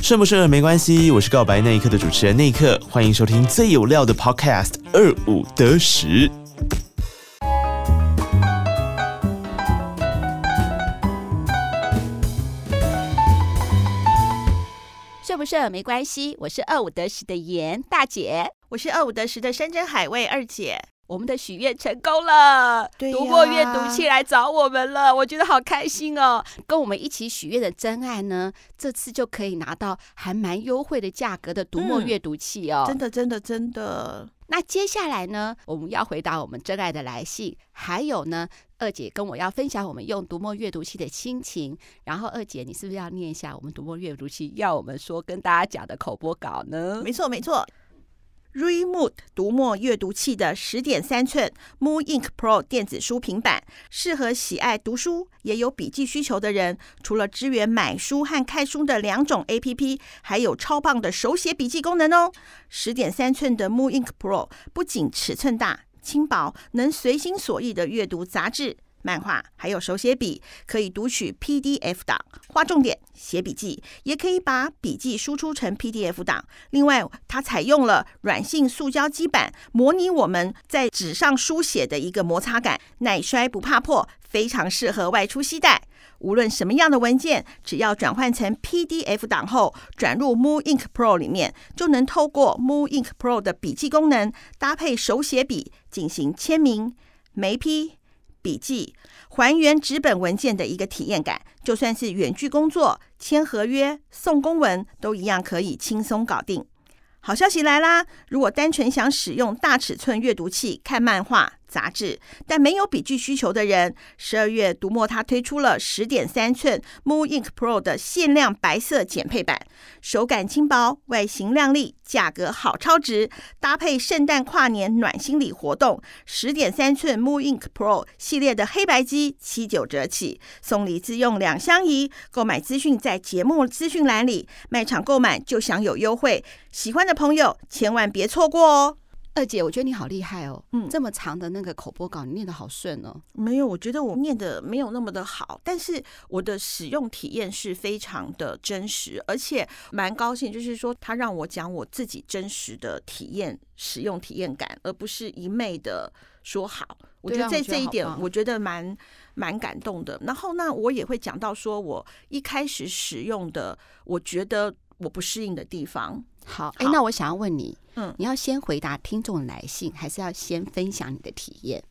順不順沒關係，我是告白那一刻的主持人，那一刻，歡迎收聽最有料的 Podcast 二五得十。順不順沒關係，我是二五得十的顏大姐，我是二五得十的山珍海味二姐。我們的許願成功了，對呀，讀墨閱讀器來找我們了，我覺得好開心哦！跟我們一起許願的真愛呢，這次就可以拿到還蠻優惠的價格的讀墨閱讀器哦，真的真的真的。真的真的，那接下來呢，我們要回答我們真愛的來信，還有呢，二姐跟我要分享我們用讀墨閱讀器的心情。然後二姐，你是不是要念一下我們讀墨閱讀器要我們說跟大家講的口播稿呢？沒錯，沒錯。Readmoo 讀墨閱讀器的十點三寸 mooInk Pro 電子書平板，適合喜愛讀書也有筆記需求的人。除了支援買書和看書的兩種 APP，還有超棒的手寫筆記功能哦。十點三寸的 mooInk Pro 不僅尺寸大、輕薄，能隨心所欲的閱讀雜誌。漫畫還有手寫筆，可以讀取 PDF 檔，劃重點、寫筆記，也可以把筆記輸出成 PDF 檔。另外，它採用了軟性塑膠基板，模擬我們在紙上書寫的一個摩擦感，耐摔不怕破，非常適合外出攜帶。無論什麼樣的文件，只要轉換成 PDF 檔後，轉入 mooInk Pro 裡面，就能透過 mooInk Pro 的筆記功能，搭配手寫筆進行簽名、眉批。筆記還原紙本文件的一個體驗感，就算是遠距工作、簽合約、送公文，都一樣可以輕鬆搞定。好消息來啦！如果單純想使用大尺寸閱讀器看漫畫、雜誌，但沒有筆記需求的人，十二月讀墨他推出了十點三寸 mooInk Pro 的限量白色簡配版，手感輕薄，外形靚麗，價格好超值，搭配聖誕跨年暖心禮活動，十點三寸 mooInk Pro 系列的黑白機七九折起，送禮自用兩相宜，購買資訊在節目資訊欄裡，賣場購買就享有優惠，喜歡的朋友千萬別錯過哦。二姐，我覺得你好厲害哦，嗯，這麼長的那個口播稿，你念得好順哦。沒有，我覺得我念得沒有那麼的好，但是我的使用體驗是非常的真實，而且蠻高興，就是說他讓我講我自己真實的體驗、使用體驗感，而不是一味的說好。我覺得在這一點，我覺得蠻蠻感動的。然後，那我也會講到說我一開始使用的，我覺得。我不適應的地方。好，哎、欸，那我想要問你，嗯，你要先回答聽眾來信，還是要先分享你的體驗？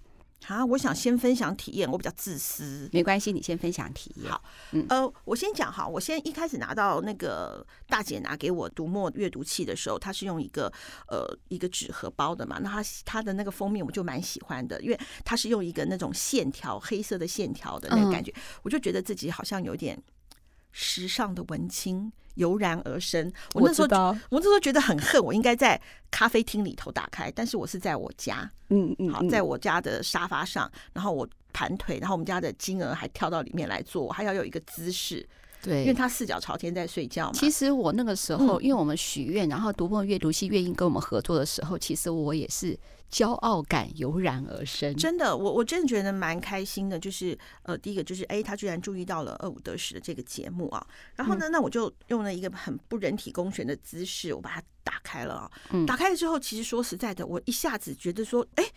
好，啊，我想先分享體驗，我比較自私。沒關係，你先分享體驗。好嗯，呃，我先講哈，我先一開始拿到那個大姐拿給我讀墨閱讀器的時候，它是用一個呃一個紙盒包的嘛，那它它的那個封面我就蠻喜歡的，因為它是用一個那種線條黑色的線條的那個感覺，嗯、我就覺得自己好像有點時尚的文青。油然而生，我那時候，我，我那時候覺得很恨，我應該在咖啡廳裡頭打開，但是我是在我家，嗯，嗯嗯，好，在我家的沙發上，然後我盤腿，然後我們家的金額還跳到裡面來坐，我還要有一個姿勢。對，因為他四腳朝天在睡覺嘛。其實我那個時候，因為我們許願，嗯、然後讀墨閱讀器願意跟我們合作的時候，其實我也是驕傲感油然而生。真的，我我真的覺得蠻開心的，就是呃，第一個就是，哎、欸，他居然注意到了二五得十的這個節目啊。然後呢，嗯、那我就用了一個很不人體工學的姿勢，我把它打開了啊。嗯、打開了之後，其實說實在的，我一下子覺得說，哎、欸，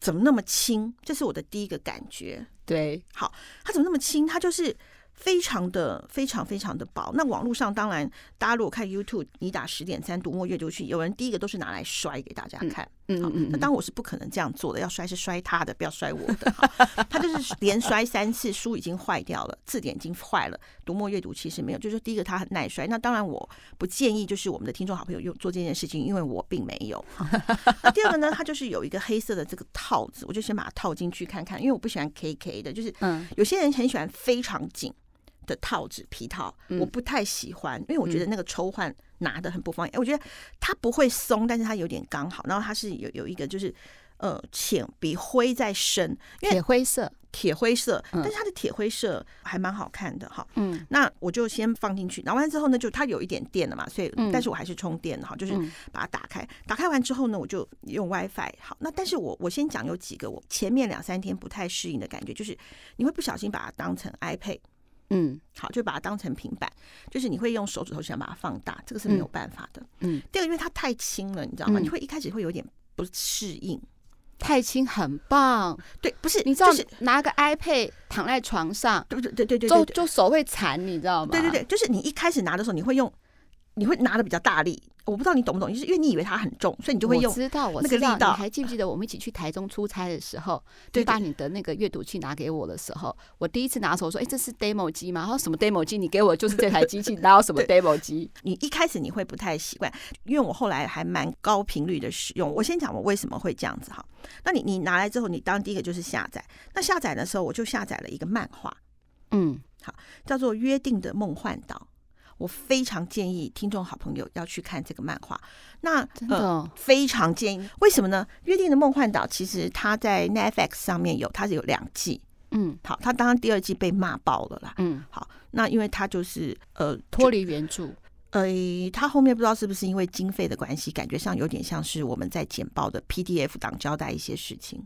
怎麼那麼輕？這是我的第一個感覺。對，好，他怎麼那麼輕？他就是。非常的非常非常的薄。那網絡上當然，大家如果看 YouTube，你打十點三讀墨閱讀器，有人第一個都是拿來摔給大家看。嗯嗯，那當然我是不可能這樣做的，要摔是摔他的，不要摔我的。他就是連摔三次，書已經壞掉了，字典已經壞了。讀墨閱讀其實沒有，就是第一個它很耐摔。那當然我不建議，就是我們的聽眾好朋友用做這件事情，因為我並沒有。那第二個呢，它就是有一個黑色的這個套子，我就先把它套進去看看，因為我不喜歡 KK 的，就是嗯，有些人很喜歡非常緊。的套子皮套，嗯、我不太喜歡，因為我覺得那個抽換拿的很不方便，嗯欸。我覺得它不會鬆，但是它有點剛好。然後它是有有一個就是，呃，淺比灰再深，因為，鐵灰色，鐵灰色，嗯、但是它的鐵灰色還蠻好看的哈。嗯，那我就先放進去，拿完之後呢，就它有一點電了嘛，所以，嗯、但是我還是充電哈，就是把它打開，打開完之後呢，我就用 WiFi，好，那但是我我先講有幾個我前面兩三天不太適應的感覺，就是你會不小心把它當成 iPad。嗯，好，就把它當成平板，就是你會用手指頭想把它放大，這個是沒有辦法的。嗯，第二個，因為它太輕了，你知道嗎？嗯，你會一開始會有點不適應，太輕很棒。對，不是，你知道，就是拿個 iPad 躺在床上，對對對對對，就就手會殘，你知道嗎？對對對，就是你一開始拿的時候，你會用，你會拿的比較大力。我不知道你懂不懂，就是因為你以為它很重，所以你就會用。知道，我知道那個力道。你還記不記得我們一起去台中出差的時候，對對對，把你的那個閱讀器拿給我的時候，我第一次拿的時候說：“誒、欸，這是 demo 機嗎？”然後什麼 demo 機？你給我就是這台機器，然後 什麼 demo 機？你一開始你會不太習慣，因為我後來還蠻高頻率的使用。我先講我為什麼會這樣子哈。那你你拿來之後，你當第一個就是下載。那下載的時候，我就下載了一個漫畫，嗯，好，叫做《約定的夢幻島》。我非常建議聽眾好朋友要去看這個漫畫，那真的、哦呃、非常建議。為什麼呢？《約定的夢幻島》其實它在 Netflix 上面有，它是有兩季。嗯，好，它當然第二季被罵爆了啦。嗯，好，那因為它就是呃脫離原著，呃，它、呃、後面不知道是不是因為經費的關係，感覺上有點像是我們在簡報的 PDF 檔交代一些事情。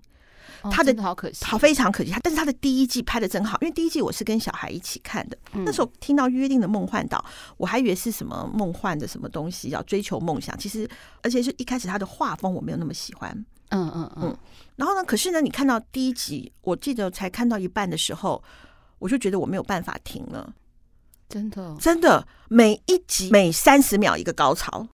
他的好可惜，好非常可惜。他但是他的第一季拍得真好，因為第一季我是跟小孩一起看的。那時候聽到《約定的夢幻島》，我還以為是什麼夢幻的什麼東西要追求夢想。其實，而且是一開始他的畫風我沒有那麼喜歡。嗯嗯嗯。然後呢，可是呢，你看到第一集，我記得才看到一半的時候，我就覺得我沒有辦法停了。真的，真的每一集每三十秒一個高潮，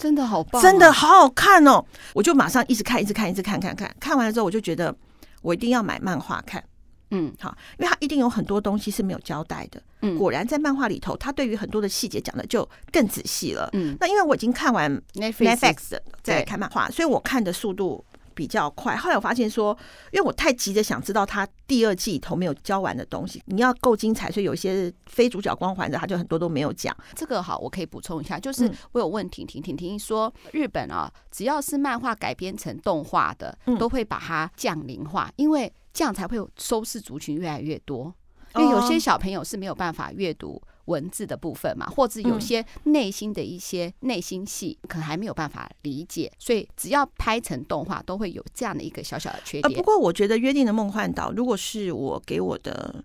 真的好棒，真的好好看哦、喔！我就馬上一直看，一直看，一直看，看看看。看完了之後，我就覺得。我一定要買漫畫看，嗯，好，因為他一定有很多東西是沒有交代的，嗯，果然在漫畫裡頭，他對於很多的細節講的就更仔細了，嗯，那因為我已經看完 Net Netflix 了，對，再看漫畫，所以我看的速度。比較快，後來我發現說，因為我太急着想知道他第二季裡頭沒有教完的東西，你要夠精彩，所以有一些非主角光環的，他就很多都沒有講。這個好，我可以補充一下，就是我有問婷婷，婷婷，婷說日本啊、哦，只要是漫畫改編成動畫的，都會把它降齡化，因為這樣才會收視族群越來越多，因為有些小朋友是沒有辦法閱讀。文字的部分嘛，或者有些內心的一些內心戲，嗯、可能還沒有辦法理解，所以只要拍成動畫，都會有這樣的一個小小的缺點。不過，我覺得《約定的夢幻島》如果是我給我的。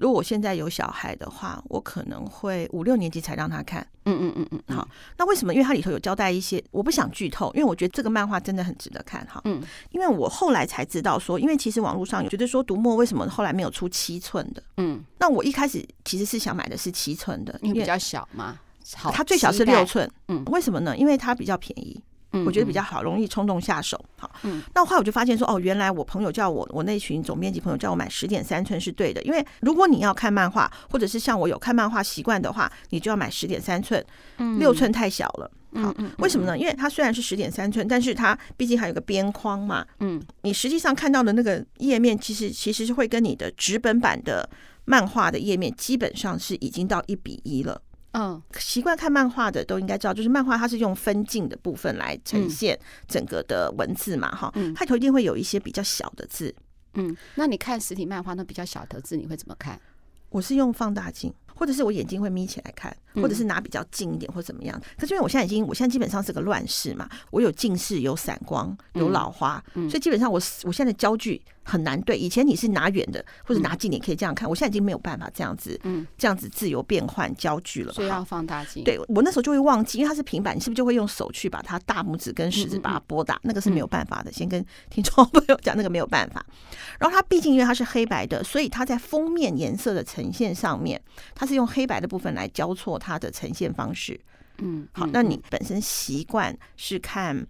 如果我現在有小孩的話，我可能會五六年級才讓他看。嗯嗯嗯嗯。嗯嗯好，那為什麼？因為它裡頭有交代一些，我不想劇透，嗯、因為我覺得這個漫畫真的很值得看哈。嗯，因為我後來才知道說，因為其實網絡上有覺得說，讀墨為什麼後來沒有出七寸的？嗯，那我一開始其實是想買的是七寸的，因為，因為比較小嘛。好，它最小是六寸。嗯，為什麼呢？因為它比較便宜。我覺得比較好，容易衝動下手。好，那後來我就發現說，哦，原來我朋友叫我，我那群總編輯朋友叫我買十點三寸是對的，因為如果你要看漫畫，或者是像我有看漫畫習慣的話，你就要買十點三寸，六寸太小了。好，為什麼呢？因為它雖然是十點三寸，但是它畢竟還有個邊框嘛。嗯，你實際上看到的那個頁面，其實其實是會跟你的紙本版的漫畫的頁面，基本上是已經到一比一了。嗯，哦、習慣、看漫畫的都應該知道，就是漫畫它是用分鏡的部分來呈現整個的文字嘛，哈、嗯，開頭一定會有一些比較小的字。嗯，那你看實體漫畫那比較小的字，你會怎麼看？我是用放大鏡，或者是我眼睛會眯起來看，或者是拿比較近一點，或怎麼樣。可是因為我現在已經，我現在基本上是個亂世嘛，我有近視，有散光，有老花，嗯嗯、所以基本上我，我現在的焦距。很難對，以前你是拿遠的或者拿近，你可以這樣看。嗯、我現在已經沒有辦法這樣子，嗯，這樣子自由變換焦距了。所以要放大鏡。對，我那時候就會忘記，因為它是平板，你是不是就會用手去把它大拇指跟食指把它撥打？嗯嗯、那個是沒有辦法的。嗯、先跟聽眾朋友講，那個沒有辦法。然後它畢竟因為它是黑白的，所以它在封面顏色的呈現上面，它是用黑白的部分來交錯它的呈現方式。嗯，好，嗯、那你本身習慣是看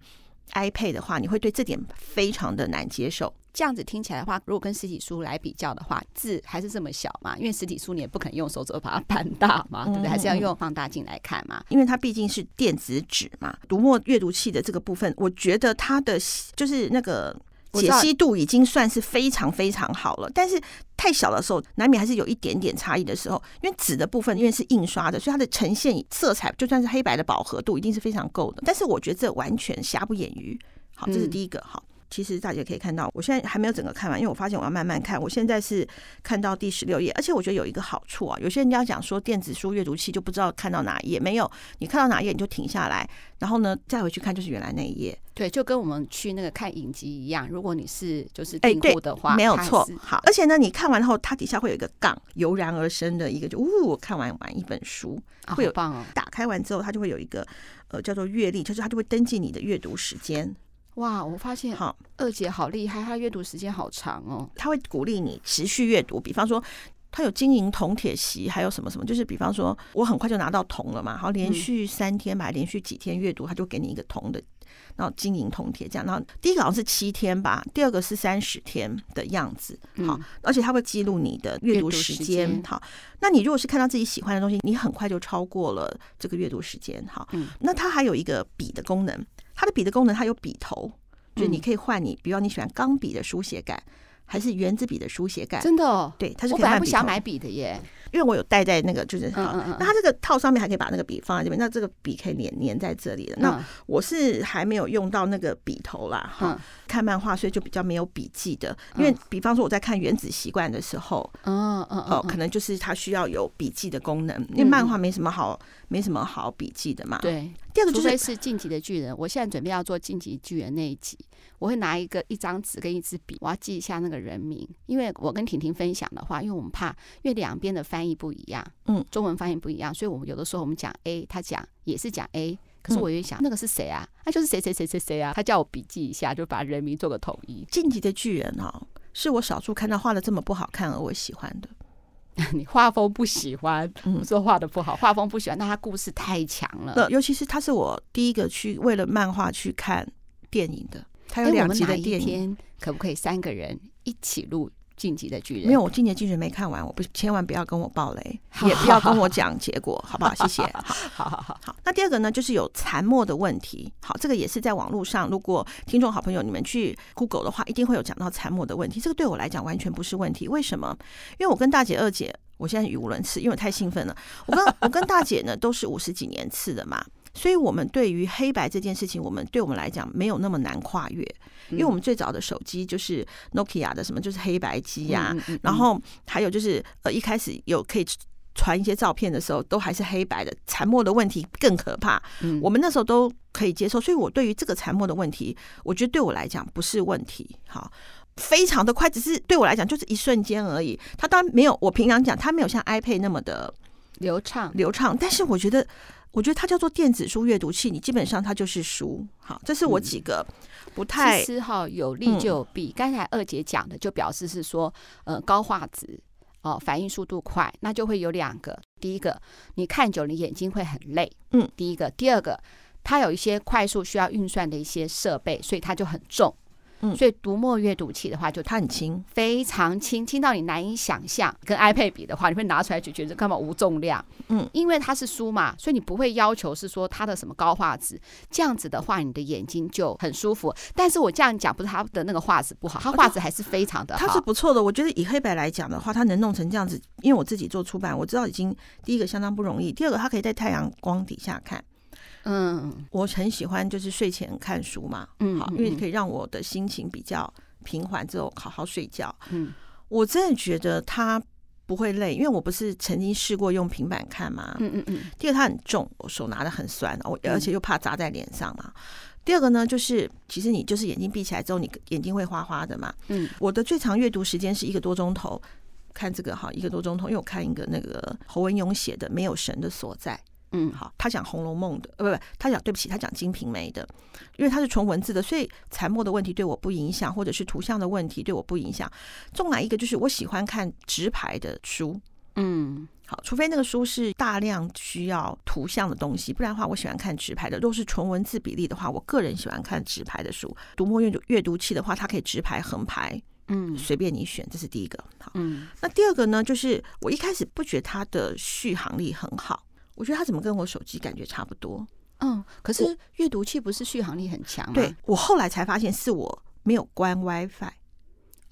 iPad 的話，你會對這點非常的難接受。這樣子聽起來的話，如果跟實體書來比較的話，字還是這麼小嘛？因為實體書你也不肯用手指把它翻大嘛，嗯嗯對不對？還是要用放大鏡來看嘛？因為它畢竟是電子紙嘛，讀墨閱讀器的這個部分，我覺得它的就是那個解析度已經算是非常非常好了。我知道。但是太小的時候，難免還是有一點點差異的時候。因為紙的部分，因為是印刷的，所以它的呈現色彩就算是黑白的飽和度，一定是非常夠的。但是我覺得這完全瑕不掩瑜。好，這是第一個、嗯、好。其實大家可以看到，我現在還沒有整個看完，因為我發現我要慢慢看。我現在是看到第十六頁，而且我覺得有一個好處啊。有些人家講說電子書閱讀器就不知道看到哪一頁，沒有你看到哪一頁你就停下來，然後呢再回去看就是原來那一頁。對，就跟我們去那個看影集一樣，如果你是就是訂戶的話，欸、沒有錯。好，而且呢你看完後，它底下會有一個槓，油然而生的一個就嗚，我看完完一本書，會有、啊、棒哦。打開完之後，它就會有一個呃叫做閱歷，就是它就會登記你的閱讀時間。哇，我發現好二姐好厲害，好她閱讀時間好長哦。她會鼓勵你持續閱讀，比方說她有金銀銅鐵席，還有什麼什麼，就是比方說我很快就拿到銅了嘛，然後連續三天吧，嗯、連續幾天閱讀，她就給你一個銅的，然後金銀銅鐵這樣。然後第一個好像是七天吧，第二個是三十天的樣子。好，嗯、而且她會記錄你的閱讀時間。時好，那你如果是看到自己喜歡的東西，你很快就超過了這個閱讀時間。好，嗯，那它還有一個筆的功能。它的筆的功能，它有筆頭，就是、你可以換你，比方你喜歡鋼筆的書寫感，還是原子筆的書寫感？真的、哦，對，它是。我本來不想買筆的耶，因為我有帶在那個，就是，嗯，嗯嗯。那它這個套上面還可以把那個筆放在這邊，那這個筆可以粘粘在這裡的。那我是還沒有用到那個筆頭啦，哈、嗯，看漫畫所以就比較沒有筆記的，因為比方說我在看《原子習慣》的時候，哦哦哦，可能就是它需要有筆記的功能，因為漫畫沒什麼好嗯嗯沒什麼好筆記的嘛，對。第二個就是除非是《進擊的巨人》，我現在準備要做《進擊巨人》那一集，我會拿一個一張紙跟一支筆，我要記一下那個人名，因為我跟婷婷分享的話，因為我們怕，因為兩邊的翻譯不一樣，嗯，中文翻譯不一樣，所以我們有的時候我們講 A，他講也是講 A，可是我又想、嗯、那個是誰啊？他、啊、就是誰誰誰誰誰啊，他叫我筆記一下，就把人名做個統一。《進擊的巨人》哦，是我少數看到畫得這麼不好看而我喜歡的。 你畫風不喜歡，說畫得不好，嗯、畫風不喜歡。那他故事太強了，尤其是他是我第一個去為了漫畫去看電影的。他有兩集的電影。哎、欸，我們哪一天可不可以三個人一起錄？進擊的巨人，沒有，我今年進擊沒看完，我不千萬不要跟我爆雷，也不要跟我講結果， 好不好？謝謝。好好好好好。那第二個呢，就是有殘墨的問題。好，這個也是在網絡上，如果聽眾好朋友你們去 Google 的話，一定會有講到殘墨的問題。這個對我來講完全不是問題，為什麼？因為我跟大姐、二姐，我現在語無倫次，因為我太興奮了。我跟我跟大姐呢，都是五十幾年次的嘛。所以，我們對於黑白這件事情，我們對我們來講沒有那麼難跨越，因為我們最早的手機就是 Nokia 的什麼，就是黑白機呀。然後還有就是，呃，一開始有可以傳一些照片的時候，都還是黑白的。殘墨的問題更可怕。我們那時候都可以接受，所以我對於這個殘墨的問題，我覺得對我來講不是問題。好，非常的快，只是對我來講就是一瞬間而已。它當然沒有我平常講，它沒有像 iPad 那麼的流暢流暢，但是我覺得。我覺得它叫做電子書閱讀器，你基本上它就是書。好，這是我幾個、嗯、不太。其實哈、哦，有利就比、嗯、剛才二姐講的就表示是說，呃，高畫質哦、呃，反應速度快，那就會有兩個。第一個，你看久了你眼睛會很累，嗯，第一個；第二個，它有一些快速需要運算的一些設備，所以它就很重。嗯，所以讀墨閱讀器的話就，就它很輕，非常輕，輕到你難以想象。跟 iPad 比的話，你會拿出來就覺得根本無重量。嗯，因為它是書嘛，所以你不會要求是說它的什麼高畫質。這樣子的話，你的眼睛就很舒服。但是我這樣講不是它的那個畫質不好，它畫質還是非常的好。它是不錯的，我覺得以黑白來講的話，它能弄成這樣子，因為我自己做出版，我知道已經第一個相當不容易，第二個它可以在太陽光底下看。嗯，um, 我很喜歡就是睡前看書嘛，嗯，好，嗯、因為可以讓我的心情比較平緩，之後好好睡覺。嗯，我真的覺得它不會累，因為我不是曾經試過用平板看嘛、嗯。嗯嗯嗯。第二，它很重，我手拿的很酸，我而且又怕砸在臉上嘛。嗯、第二個呢，就是其實你就是眼睛閉起來之後，你眼睛會花花的嘛。嗯，我的最長閱讀時間是一個多鐘頭，看這個哈，一個多鐘頭，因為我看一個那個侯文詠寫的《沒有神的所在》。嗯，好，他講《紅樓夢》的，呃、哎，不不，他講對不起，他講《金瓶梅》的，因為它是純文字的，所以彩墨的問題對我不影響，或者是圖像的問題對我不影響。重來一個，就是我喜歡看直排的書，嗯，好，除非那個書是大量需要圖像的東西，不然的話我喜歡看直排的。如果是純文字比例的話，我個人喜歡看直排的書。讀墨閱讀閱讀器的話，它可以直排橫排，嗯，隨便你選，這是第一個。好，嗯，那第二個呢，就是我一開始不覺得它的續航力很好。我覺得他怎麼跟我手機感覺差不多？嗯，可是閱讀器不是續航力很強嗎？對，我後來才發現是我沒有關 WiFi。Fi、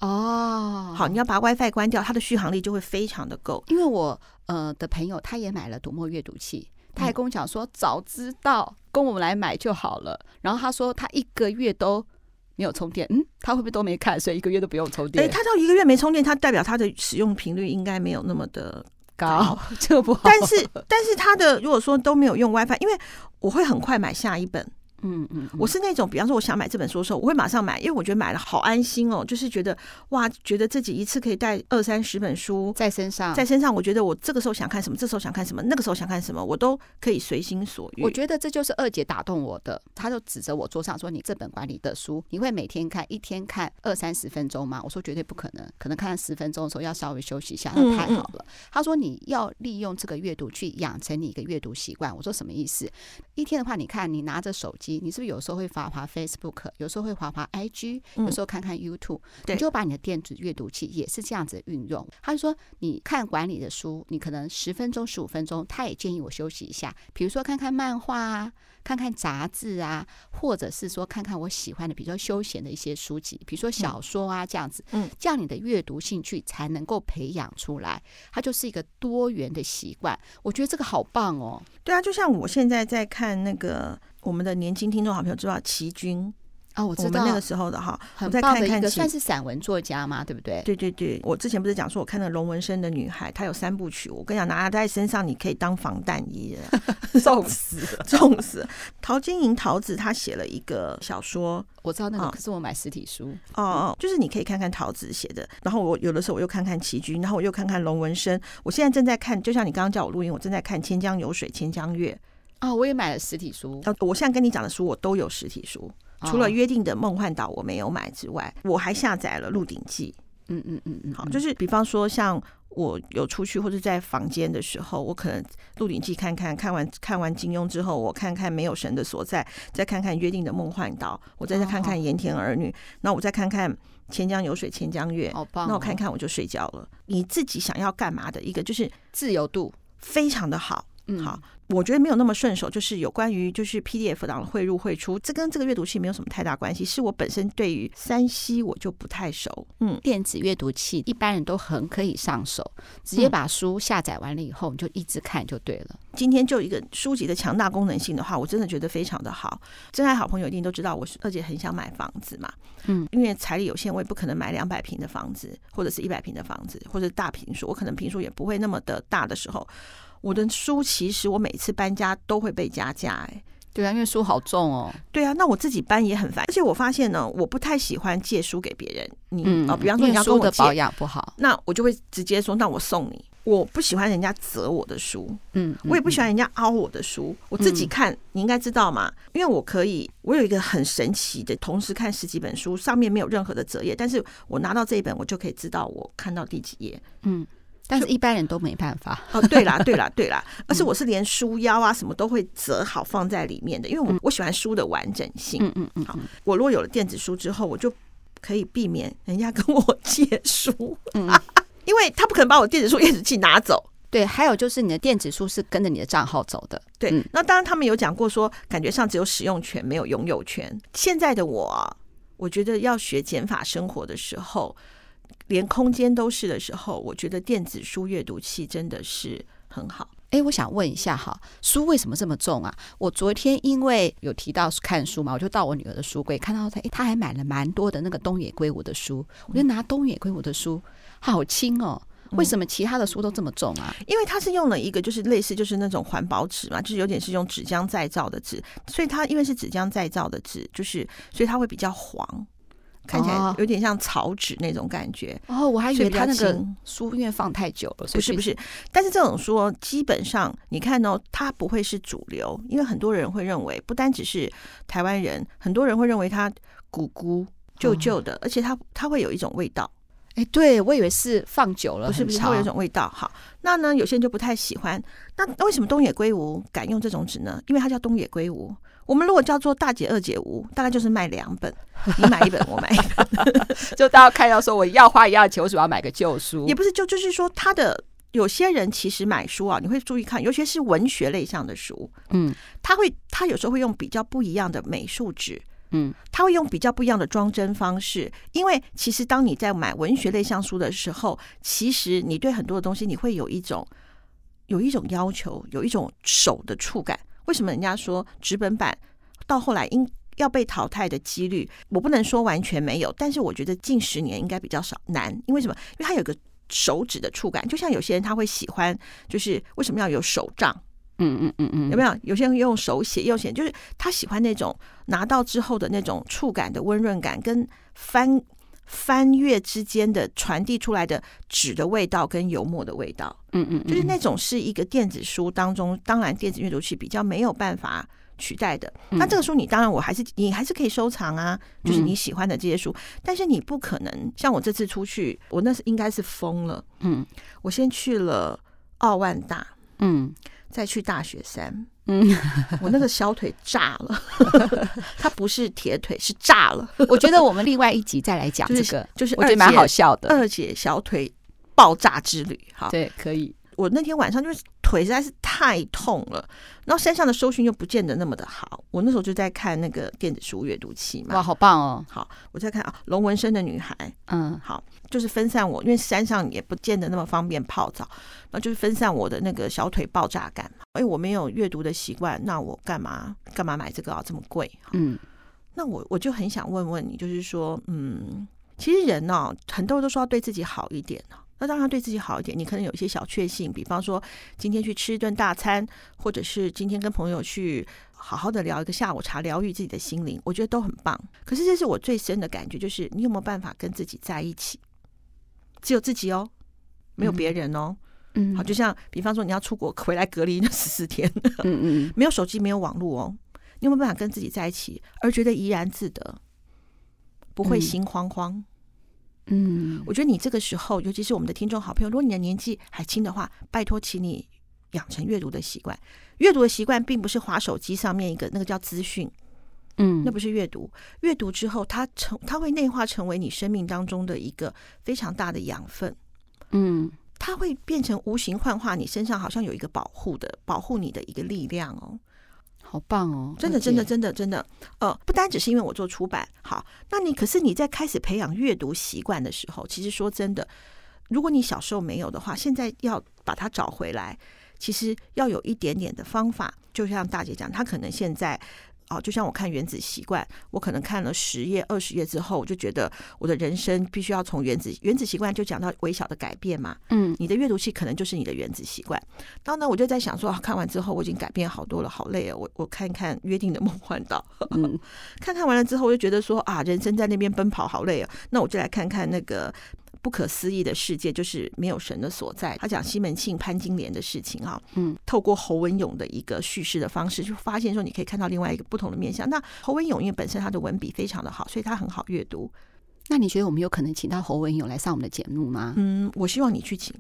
哦，好，你要把 WiFi 關掉，它的續航力就會非常的夠。因為我呃的朋友他也買了讀墨閱讀器，他還跟我講說，早知道跟我們來買就好了。嗯、然後他說他一個月都沒有充電，嗯，他會不會都沒看，所以一個月都不用充電？誒，他到一個月沒充電，他代表他的使用頻率應該沒有那麼的。高，這個不好。但是，但是他的如果說都沒有用 Wi-Fi，因為我會很快買下一本。嗯，嗯嗯，我是那種，比方說，我想買這本書的時候，我會馬上買，因為我覺得買了好安心哦，就是覺得哇，覺得自己一次可以帶二三十本書在身上，在身上，我覺得我這個時候想看什麼，這時候想看什麼，那個時候想看什麼，我都可以隨心所欲。我覺得這就是二姐打動我的，她就指着我桌上說：“你這本管理的書，你會每天看，一天看二三十分鐘嗎？”我說：“絕對不可能，可能看十分鐘的時候要稍微休息一下。”那太好了。嗯嗯。她說：“你要利用這個閱讀去養成你一個閱讀習慣。”我說：“什麼意思？一天的話你，你看你拿着手機。”你是不是有時候會滑滑 Facebook，有時候會滑滑 IG，有時候看看 YouTube？嗯，你就把你的電子閱讀器也是這樣子運用。他就說，你看管理的書，你可能十分鐘、十五分鐘，他也建議我休息一下，比如說看看漫畫啊，看看雜誌啊，或者是說看看我喜歡的，比較休閒的一些書籍，比如說小說啊這樣子。嗯，嗯，這樣你的閱讀興趣才能夠培養出來。它就是一個多元的習慣，我覺得這個好棒哦。對啊，就像我現在在看那個。我們的年輕聽眾好朋友知道琦君哦，我知道我們那個時候的哈，很棒的一個，我再看看算是散文作家嗎？對不對？對對對，我之前不是講說，我看了《龍紋身的女孩》，她有三部曲，我跟你講，拿在身上，你可以當防彈衣 死了，重 死重了死。 陶晶瑩、陶子，她寫了一個小說，我知道那個，啊、可是我買實體書哦，哦、嗯啊，就是你可以看看陶子寫的，然後我有的時候我又看看琦君，然後我又看看龍紋身，我現在正在看，就像你剛剛叫我錄音，我正在看《千江有水千江月》。哦，我也買了實體書。哦、啊，我現在跟你講的書我都有實體書，哦、除了《約定的夢幻島》我沒有買之外，我還下載了《鹿鼎記》嗯。嗯嗯嗯嗯，嗯好，就是比方說，像我有出去或者在房間的時候，我可能《鹿鼎記》看看，看完看完金庸之後，我看看《沒有神的所在》，再看看《約定的夢幻島》，我再再看看《鹽田兒女》哦，那我再看看《千江有水千江月》哦。好棒、哦！那我看看我就睡覺了。你自己想要幹嘛的一個就是自由度非常的好，好嗯，好。我覺得沒有那麼順手，就是有關於就是 PDF 檔的匯入匯出，這跟這個閱讀器沒有什麼太大關係。是我本身對於 3C 我就不太熟。嗯，電子閱讀器一般人都很可以上手，直接把書下載完了以後，嗯，你就一直看就對了。今天就一個書籍的強大功能性的話，我真的覺得非常的好。珍愛好朋友一定都知道，我是二姐很想買房子嘛。嗯，因為財力有限，我也不可能買兩百平的房子，或者是一百平的房子，或者是大平數，我可能平數也不會那麼的大的時候。我的書，其實我每次搬家都會被加價哎，對啊，因為書好重哦、喔。對啊，那我自己搬也很煩。而且我發現呢，我不太喜歡借書給別人。你、嗯、哦，比方說你要跟我的保養不好，那我就會直接說，那我送你。我不喜歡人家折我的書，嗯，嗯嗯，我也不喜歡人家凹我的書。我自己看，嗯、你應該知道嘛，因為我可以，我有一個很神奇的，同時看十幾本書，上面沒有任何的折頁，但是我拿到這一本，我就可以知道我看到第幾頁，嗯。但是一般人都沒辦法哦。對啦對啦對啦，對啦。而且我是連書腰啊什麼都會折好放在裡面的，因為我、嗯、我喜歡書的完整性。嗯嗯嗯。嗯嗯好，我如果有了電子書之後，我就可以避免人家跟我借書，嗯啊、因為他不可能把我電子書閱讀器拿走。對，還有就是你的電子書是跟着你的賬號走的。對，嗯、那當然他們有講過說，感覺上只有使用權，沒有擁有權。現在的我，我覺得要學減法生活的時候，連空間都是的時候，我覺得電子書閱讀器真的是很好。誒、欸，我想問一下哈，書為什麼這麼重啊？我昨天因為有提到看書嘛，我就到我女兒的書櫃看到她，誒、欸，她還買了蠻多的那個東野圭吾的書，我就拿東野圭吾的書，好輕哦、喔，為什麼其他的書都這麼重啊？嗯嗯、因為它是用了一個就是類似就是那種環保紙嘛，就是有點是用紙漿再造的紙，所以它因為是紙漿再造的紙，就是所以它會比較黃。看起來有點像草紙那種感覺哦，我還以為它那個書因為放太久了，是不是？不是，但是這種書基本上你看哦，它不會是主流，因為很多人會認為不單只是台灣人，很多人會認為它古古舊舊的，嗯、而且它它會有一種味道。誒、欸，對我以為是放久了，不是不是，會有一種味道。好，那呢有些人就不太喜歡。那那為什麼東野圭吾敢用這種紙呢？因為它叫東野圭吾。我們如果叫做大姐二姐屋，大概就是賣兩本，你買一本，我買一本。 就大家看到說，我要花一樣的錢，我主要買個舊書，也不是，就就是說，他的有些人其實買書啊，你會注意看，尤其是文學類像的書，嗯，他會他有時候會用比較不一樣的美術紙，嗯，他會用比較不一樣的裝幀方式，因為其實當你在買文學類像書的時候，其實你對很多的東西你會有一種有一種要求，有一種手的觸感。為什麼人家說紙本版到後來應要被淘汰的幾率，我不能說完全沒有，但是我覺得近十年應該比較少難。因為什麼？因為它有個手指的觸感，就像有些人他會喜歡，就是為什麼要有手賬？嗯嗯嗯嗯，有沒有有些人用手寫，用寫就是他喜歡那種拿到之後的那種觸感的溫潤感跟翻。翻閱之間的傳遞出來的紙的味道跟油墨的味道，嗯，嗯嗯，就是那種是一個電子書當中，當然電子閱讀器比較沒有辦法取代的。嗯、那這個書你當然我還是你還是可以收藏啊，就是你喜歡的這些書，嗯、但是你不可能像我這次出去，我那是應該是瘋了，嗯，我先去了澳萬大，嗯，再去大雪山。嗯，我那個小腿炸了， 它不是鐵腿，是炸了。 我覺得我們另外一集再來講、這個、這個，就是我覺得蠻好笑的。二姐小腿爆炸之旅，好，對，可以。我那天晚上就是腿實在是太痛了，然後山上的收訊，又不見得那麼的好。我那時候就在看那個電子書閱讀器嘛，哇，好棒哦！好，我在看啊，《龍紋身的女孩》。嗯，好，就是分散我，因為山上也不見得那麼方便泡澡，那就是分散我的那個小腿爆炸感。哎，我沒有閱讀的習慣，那我幹嘛幹嘛買這個啊，這麼貴？啊、嗯，那我我就很想問問你，就是說，嗯，其實人呢、哦，很多人都說要對自己好一點呢、哦。那當然對自己好一點，你可能有一些小確幸，比方說今天去吃一頓大餐，或者是今天跟朋友去好好的聊一個下午茶，療癒自己的心靈，我覺得都很棒。可是這是我最深的感覺，就是你有沒有辦法跟自己在一起？只有自己哦，沒有別人哦。嗯，好，就像比方說你要出國回來隔離那十四天， 沒有手機，沒有網絡哦，你有沒有辦法跟自己在一起，而覺得怡然自得，不會心慌慌？嗯，我覺得你這個時候，尤其是我們的聽眾好朋友，如果你的年紀還輕的話，拜托，請你養成閱讀的習慣。閱讀的習慣並不是滑手機上面一個那個叫資訊，嗯，那不是閱讀。閱讀之後，它成，它會內化成為你生命當中的一個非常大的養分。嗯，它會變成無形幻化，你身上好像有一個保護的，保護你的一個力量哦。好棒哦！真的，真的，真的，真的，真的外界，真的，真的，呃，不單只是因為我做出版，好，那你可是你在開始培養閱讀習慣的時候，其實說真的，如果你小時候沒有的話，現在要把它找回來，其實要有一點點的方法，就像大姐講，她可能現在。哦、啊，就像我看原子習慣，我可能看了十頁二十頁之後，我就覺得我的人生必須要從原子原子習慣就講到微小的改變嘛。嗯，你的閱讀器可能就是你的原子習慣。然後呢，我就在想說、啊，看完之後我已經改變好多了，好累哦。我我看一看《約定的夢幻島》呵呵，嗯、看看完了之後，我就覺得說啊，人生在那邊奔跑，好累哦。那我就來看看那個。不可思議的世界就是沒有神的所在。他講西門慶、潘金蓮的事情，哈，嗯，透過侯文詠的一個敘事的方式，就發現說你可以看到另外一個不同的面向。那侯文詠因為本身他的文筆非常的好，所以他很好閱讀。那你覺得我們有可能請到侯文詠來上我們的節目嗎？嗯，我希望你去請，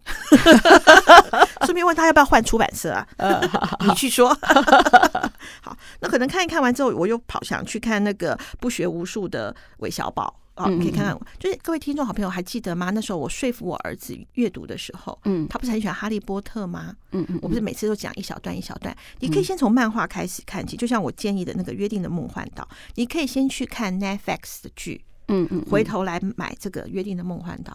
順便問他要不要換出版社啊？呃，你去說。 好，那可能看一看完之後，我又跑想去看那個不學無術的韋小寶。好，可以看看，就是各位聽眾好朋友還記得嗎？那時候我說服我兒子閱讀的時候，嗯，他不是很喜歡哈利波特嗎？嗯嗯，嗯嗯，我不是每次都講一小段一小段？你可以先從漫畫開始看起，嗯、就像我建議的那個《約定的夢幻島》，你可以先去看 Netflix 的劇、嗯，嗯嗯，回頭來買這個《約定的夢幻島》，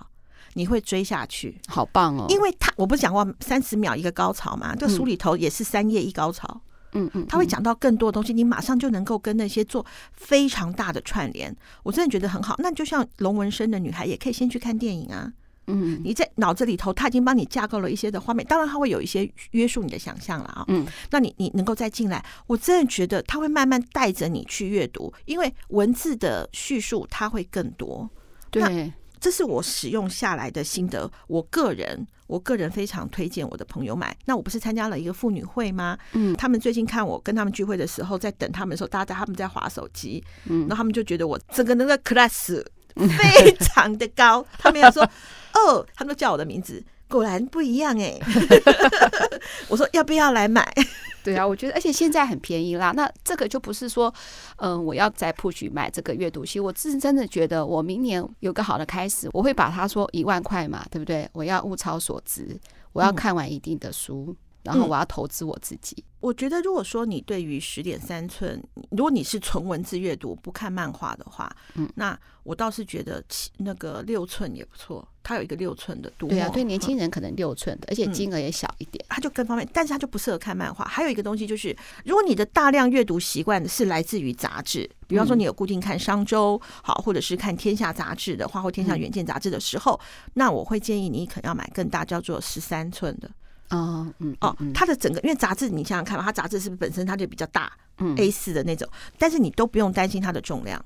你會追下去，好棒哦！因為他我不是講過三十秒一個高潮嘛？這個書裡頭也是三頁一高潮。嗯嗯嗯，嗯他會講到更多的東西，你馬上就能夠跟那些做非常大的串聯，我真的覺得很好。那就像龍紋身的女孩，也可以先去看電影啊。嗯，你在腦子裡頭，他已經幫你架構了一些的畫面，當然他會有一些約束你的想象了啊。嗯，那你你能夠再進來，我真的覺得他會慢慢帶着你去閱讀，因為文字的敘述他會更多。對，這是我使用下來的心得，對我個人。我個人非常推薦我的朋友買。那我不是參加了一個婦女會嗎？嗯，他們最近看我跟他們聚會的時候，在等他們的時候，大家在他們在滑手機，嗯，然後他們就覺得我整個那個 class 非常的高， 他們要說哦，他們都叫我的名字。果然不一樣哎、欸！ 我說，要不要來買？對啊，我覺得而且現在很便宜啦。那這個就不是說，嗯、呃，我要在 push 買這個閱讀器。我其實真的覺得，我明年有個好的開始，我會把它說一萬塊嘛，對不對？我要物超所值，我要看完一定的書，嗯、然後我要投資我自己。我覺得如果說你對於十點三寸，如果你是純文字閱讀不看漫畫的話，嗯，那我倒是覺得七那個六寸也不錯。它有一個六寸的讀墨，對啊，對年輕人可能六寸的，嗯、而且金額也小一點，它就更方便，但是它就不適合看漫畫。還有一個東西就是，如果你的大量閱讀習慣是來自於雜誌，比方說你有固定看《商周》好，或者是看《天下》雜誌的話，或天下遠見雜誌的時候，嗯、那我會建議你可能要買更大，叫做十三寸的。哦，嗯,嗯,嗯，哦，它的整個因為雜誌，你想想看嘛，它雜誌是不是本身它就比較大、嗯、，A 四的那種，但是你都不用擔心它的重量。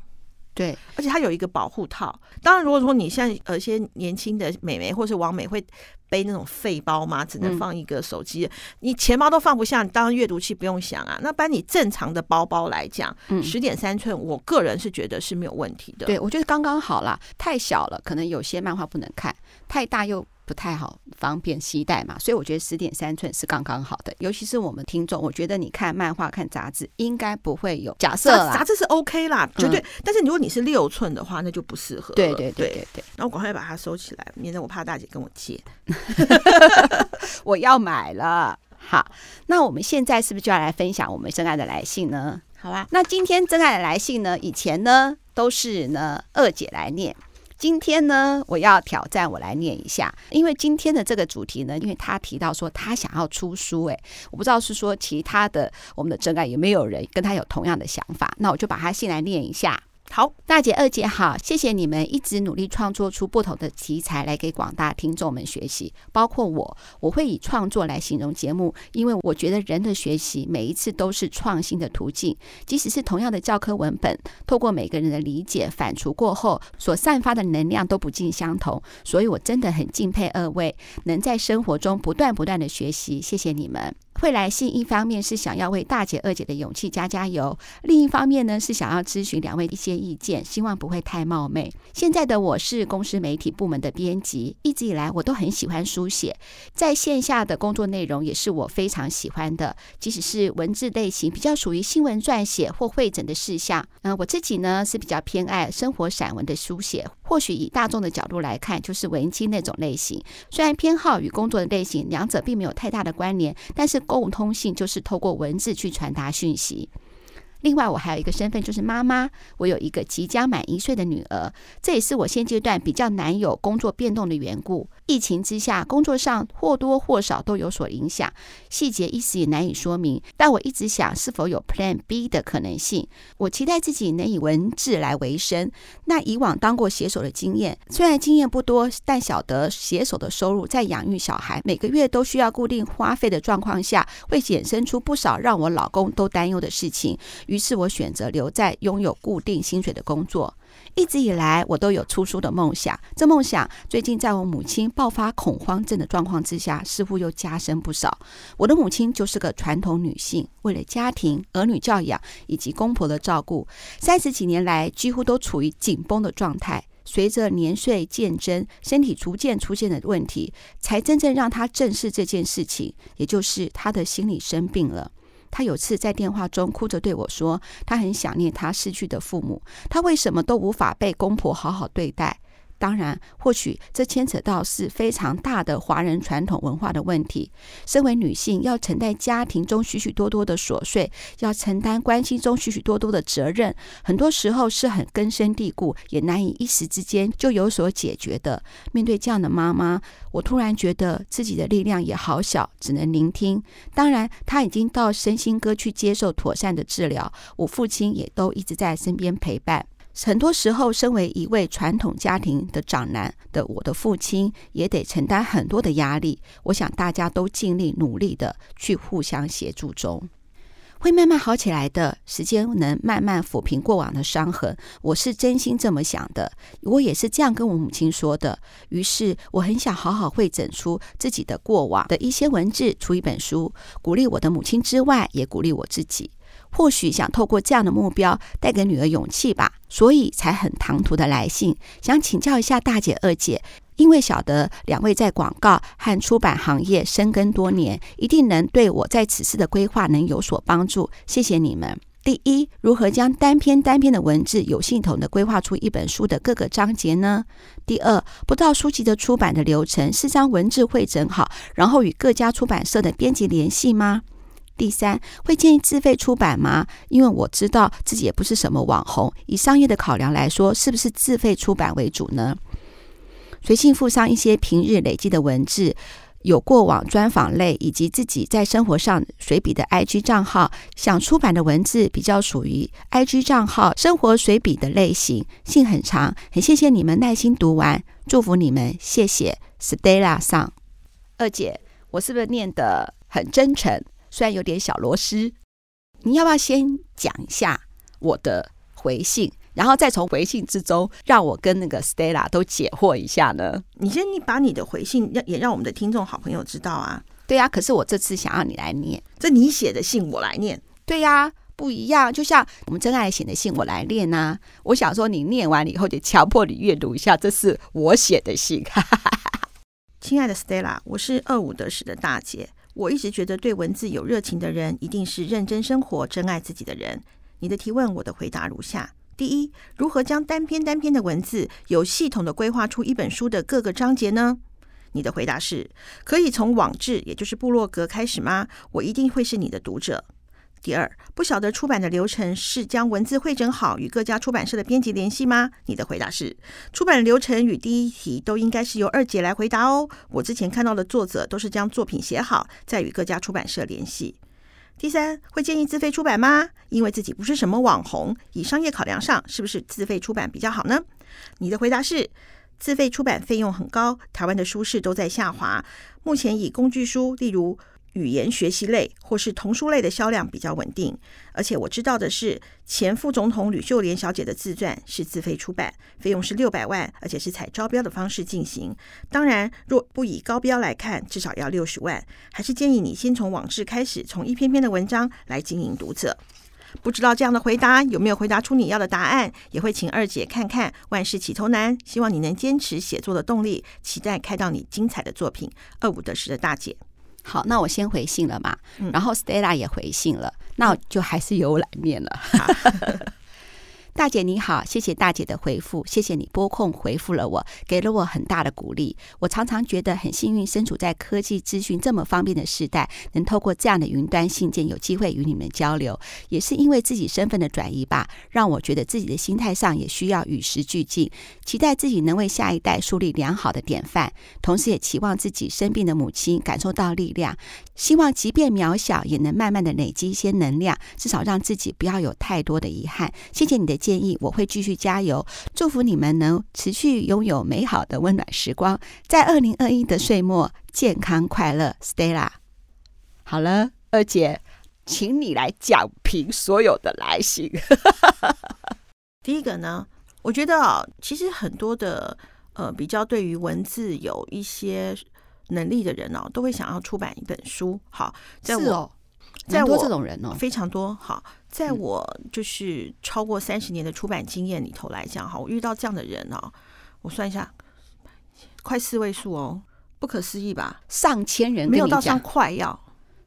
對，而且它有一個保護套。當然，如果說你像有呃些年輕的美眉或是網美會背那種廢包嗎？只能放一個手機，嗯、你錢包都放不下，當然閱讀器不用想啊。那把你正常的包包來講，十點三寸，我個人是覺得是沒有問題的。對，我覺得剛剛好啦，太小了，可能有些漫畫不能看；太大又。不太好，方便攜帶嘛，所以我覺得十點三寸是剛剛好的。尤其是我們聽眾，我覺得你看漫畫、看雜誌應該不會有。假設啦，雜誌是 OK 啦，嗯、絕對。但是如果你是六寸的話，那就不適合。對，對對對對對。對，然後我趕快把它收起來，免得我怕大姐跟我借。 我要買了。好，那我們現在是不是就要來分享我們真愛的來信呢？好吧、啊。那今天真愛的來信呢？以前呢都是呢二姐來念。今天呢，我要挑戰，我來念一下。因為今天的這個主題呢，因為他提到說他想要出書、欸，誒，我不知道是說其他的我們的真愛有沒有人跟他有同樣的想法，那我就把他信來念一下。好，大姐二姐好，謝謝你們一直努力創作出不同的題材來給廣大聽眾們學習，包括我，我會以創作來形容節目，因為我覺得人的學習每一次都是創新的途徑，即使是同樣的教科文本，透過每個人的理解反芻過後，所散發的能量都不盡相同，所以我真的很敬佩二位能在生活中不斷不斷的學習，謝謝你們。會來信，一方面是想要為大姐、二姐的勇氣加加油，另一方面呢是想要諮詢兩位一些意見，希望不會太冒昧。現在的我是公司媒體部門的編輯，一直以來我都很喜歡書寫，在線下的工作內容也是我非常喜歡的，即使是文字類型比較屬於新聞撰寫或會診的事項，嗯、呃，我自己呢是比較偏愛生活散文的書寫。或許以大眾的角度來看，就是文青那種類型。雖然偏好與工作的類型兩者並沒有太大的關聯，但是共通性就是透過文字去傳達訊息。另外，我還有一個身份就是媽媽，我有一個即將滿一歲的女兒，這也是我現階段比較難有工作變動的緣故。疫情之下，工作上或多或少都有所影響，細節一時也難以說明。但我一直想是否有 Plan B 的可能性。我期待自己能以文字來維生。那以往當過寫手的經驗，雖然經驗不多，但曉得寫手的收入在養育小孩、每個月都需要固定花費的狀況下，會衍生出不少讓我老公都擔憂的事情。於是，我選擇留在擁有固定薪水的工作。一直以來，我都有出書的夢想。這夢想最近在我母親爆發恐慌症的狀況之下，似乎又加深不少。我的母親就是個傳統女性，為了家庭、兒女教養以及公婆的照顧，三十幾年來幾乎都處於緊繃的狀態。隨着年歲漸增，身體逐漸出現的問題，才真正讓她正視這件事情，也就是她的心理生病了。他有次在電話中哭着對我說：“他很想念他失去的父母，他為什麼都無法被公婆好好對待？”當然，或許這牽扯到是非常大的華人傳統文化的問題。身為女性，要承擔家庭中許許多多的瑣碎，要承擔關係中許許多多的責任，很多時候是很根深蒂固，也難以一時之間就有所解決的。面對這樣的媽媽，我突然覺得自己的力量也好小，只能聆聽。當然，她已經到身心科去接受妥善的治療，我父親也都一直在身邊陪伴。很多時候，身為一位傳統家庭的長男的我的父親，也得承擔很多的壓力。我想大家都盡力努力的去互相協助中，會慢慢好起來的。時間能慢慢撫平過往的傷痕，我是真心這麼想的。我也是這樣跟我母親說的。於是，我很想好好匯整出自己的過往的一些文字，出一本書，鼓勵我的母親之外，也鼓勵我自己。或許想透過這樣的目標帶給女兒勇氣吧，所以才很唐突的來信，想請教一下大姐、二姐，因為曉得兩位在廣告和出版行業深耕多年，一定能對我在此次的規劃能有所幫助，謝謝你們。第一，如何將單篇單篇的文字有系統的規劃出一本書的各個章節呢？第二，不知道書籍的出版的流程是將文字彙整好，然後與各家出版社的編輯聯繫嗎？第三，會建議自費出版嗎？因為我知道自己也不是什麼網紅，以商業的考量來說，是不是自費出版為主呢？隨性附上一些平日累積的文字，有過往專訪類以及自己在生活上隨筆的 IG 賬號。想出版的文字比較屬於 IG 賬號生活隨筆的類型，信很長，很謝謝你們耐心讀完，祝福你們，謝謝 Stella 上二姐，我是不是念得很真誠？雖然有點小螺絲，你要不要先講一下我的回信，然後再從回信之中讓我跟那個 Stella 都解惑一下呢？你先，你把你的回信讓也讓我們的聽眾好朋友知道啊。對呀、啊，可是我這次想要你來念，這你寫的信我來念。對呀、啊，不一樣。就像我們真愛寫的信我來念吶、啊。我想說，你念完了以後，就強迫你閱讀一下，這是我寫的信。 親愛的 Stella，我是二五得十的大姐。我一直覺得，對文字有熱情的人，一定是認真生活、珍愛自己的人。你的提問，我的回答如下：第一，如何將單篇單篇的文字，有系統地規劃出一本書的各個章節呢？你的回答是，可以從網誌，也就是部落格開始嗎？我一定會是你的讀者。第二，不曉得出版的流程是將文字彙整好，與各家出版社的編輯聯繫嗎？你的回答是，出版的流程與第一題都應該是由二姐來回答哦。我之前看到的作者都是將作品寫好，再與各家出版社聯繫。第三，會建議自費出版嗎？因為自己不是什麼網紅，以商業考量上，是不是自費出版比較好呢？你的回答是，自費出版費用很高，台灣的書市都在下滑，目前以工具書，例如。語言學習類或是童書類的銷量比較穩定，而且我知道的是，前副總統呂秀蓮小姐的自傳是自費出版，費用是六百萬，而且是採招標的方式進行。當然，若不以高標來看，至少要六十萬。還是建議你先從網誌開始，從一篇篇的文章來經營讀者。不知道這樣的回答有沒有回答出你要的答案，也會請二姐看看。萬事起頭難，希望你能堅持寫作的動力，期待看到你精彩的作品。二五得十的大姐。好，那我先回信了嘛，嗯、然後 Stella 也回信了，那就還是有來面了。嗯好 大姐你好，謝謝大姐的回復，謝謝你撥空回復了我，給了我很大的鼓勵。我常常覺得很幸運，身處在科技資訊這麼方便的時代，能透過這樣的雲端信件有機會與你們交流，也是因為自己身份的轉移吧，讓我覺得自己的心態上也需要與時俱進。期待自己能為下一代樹立良好的典範，同時也期望自己生病的母親感受到力量，希望即便渺小，也能慢慢的累積一些能量，至少讓自己不要有太多的遺憾。謝謝你的建議我會繼續加油，祝福你們能持續擁有美好的溫暖時光。在二零二一的歲末，健康快樂，stay 啦！好了，二姐，請你來講評所有的來信。 第一個呢，我覺得啊、哦，其實很多的、呃、比較對於文字有一些能力的人、哦、都會想要出版一本書。好，在我，在我、哦、這種人呢、哦、非常多。好。在我就是超過三十年的出版經驗裡頭來講，哈，我遇到這樣的人啊、喔，我算一下，快四位數哦，不可思議吧？上千人沒有到上快要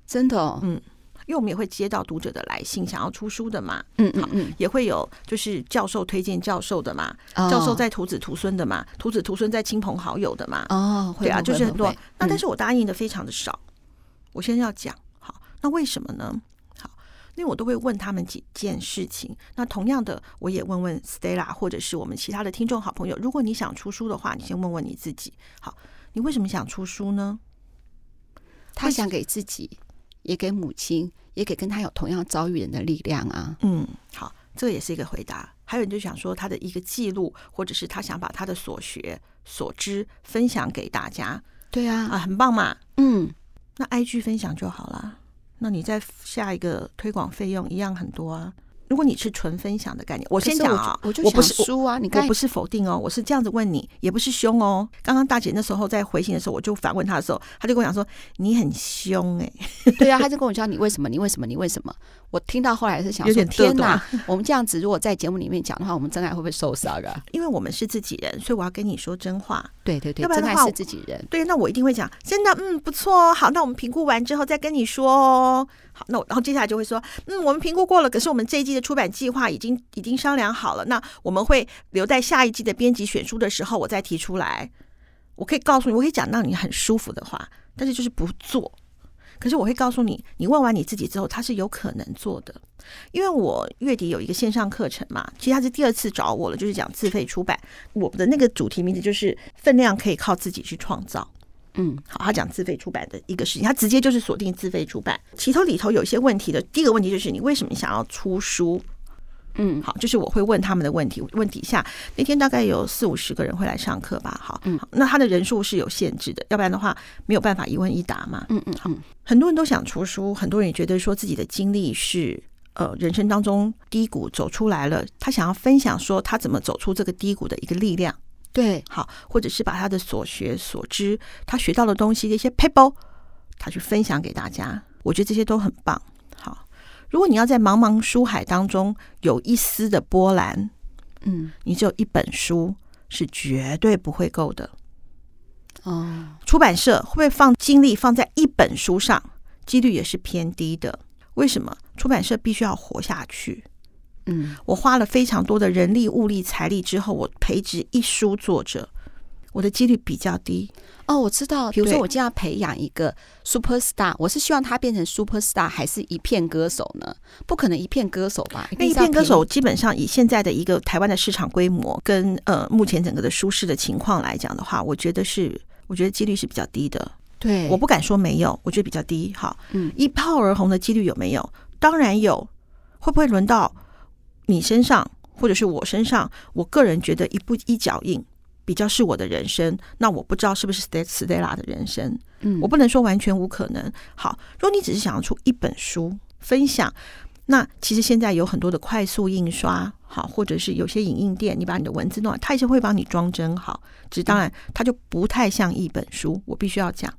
真的，嗯，因為我們也會接到讀者的來信，想要出書的嘛，嗯嗯嗯，也會有就是教授推薦教授的嘛，教授在徒子徒孫的嘛，徒子徒孫在親朋好友的嘛，哦，對啊，就是很多、啊，那但是我答應的非常的少，我先要講好，那為什麼呢？因為我都會問他們幾件事情，那同樣的，我也問問 Stella 或者是我們其他的聽眾好朋友。如果你想出書的話，你先問問你自己，好，你為什麼想出書呢？他想給自己，也給母親，也給跟他有同樣遭遇人的力量啊。嗯，好，這也是一個回答。還有你就想說他的一個記錄，或者是他想把他的所學所知分享給大家。對啊，啊，很棒嘛。嗯，那 IG 分享就好了。那你再下一個推廣費用一樣很多啊。如果你是純分享的概念，我先講、哦、我就我就想啊，我不是輸啊，我你看我不是否定哦，我是這樣子問你，也不是凶哦。剛剛大姐那時候在回信的時候，我就反問她的時候，她就跟我講說你很凶哎、欸，對啊，她 就跟我講你為什麼，你為什麼，你為什麼？我聽到後來是想說，有點多多天哪， 我們這樣子如果在節目裡面講的話，我們真愛會不會受傷啊？因為我們是自己人，所以我要跟你說真話。對對對，要不然的話是自己人，對，那我一定會講。真的，嗯，不錯哦，好，那我們評估完之後再跟你說哦。那我然後接下來就會說，嗯，我們評估過了，可是我們這一季的出版計劃已經已經商量好了。那我們會留在下一季的編輯選書的時候，我再提出來。我可以告訴你，我可以講讓你很舒服的話，但是就是不做。可是我會告訴你，你問完你自己之後，他是有可能做的。因為我月底有一個線上課程嘛，其實他是第二次找我了，就是講自費出版。我的那個主題名字就是“分量可以靠自己去創造”。嗯，好，他講自費出版的一個事情，他直接就是鎖定自費出版，其頭裡頭有一些問題的。第一個問題就是你為什麼想要出書？嗯，好，就是我會問他們的問題。問底下那天大概有四五十個人會來上課吧？好，嗯，好，那他的人數是有限制的，要不然的話沒有辦法一問一答嘛。嗯嗯，好，很多人都想出書，很多人也覺得說自己的經歷是呃人生當中低谷走出來了，他想要分享說他怎麼走出這個低谷的一個力量。對，好，或者是把他的所學所知，他學到的東西的一些 paper，他去分享給大家，我覺得這些都很棒。好，如果你要在茫茫書海當中有一絲的波瀾，嗯，你只有一本書是絕對不會夠的。哦，oh. 出版社會不會放精力放在一本書上，幾率也是偏低的？為什麼？出版社必須要活下去。嗯，我花了非常多的人力、物力、財力之後，我培植一書作者，我的幾率比較低。哦，我知道，比如說我就要培養一個 super star，對我是希望他變成 super star，還是一片歌手呢？不可能一片歌手吧？一那一片歌手基本上以現在的一個台灣的市場規模跟呃目前整個的舒適的情況來講的話，我覺得是，我覺得幾率是比較低的。對，我不敢說沒有，我覺得比較低。好，嗯，一炮而紅的幾率有沒有？當然有，會不會輪到？你身上，或者是我身上，我個人覺得一步一腳印比較是我的人生。那我不知道是不是 Stella 的人生，嗯，我不能說完全無可能。好，如果你只是想要出一本書分享，那其實現在有很多的快速印刷，好，或者是有些影印店，你把你的文字弄，他也是會幫你裝幀好，只是當然，它就不太像一本書。我必須要講。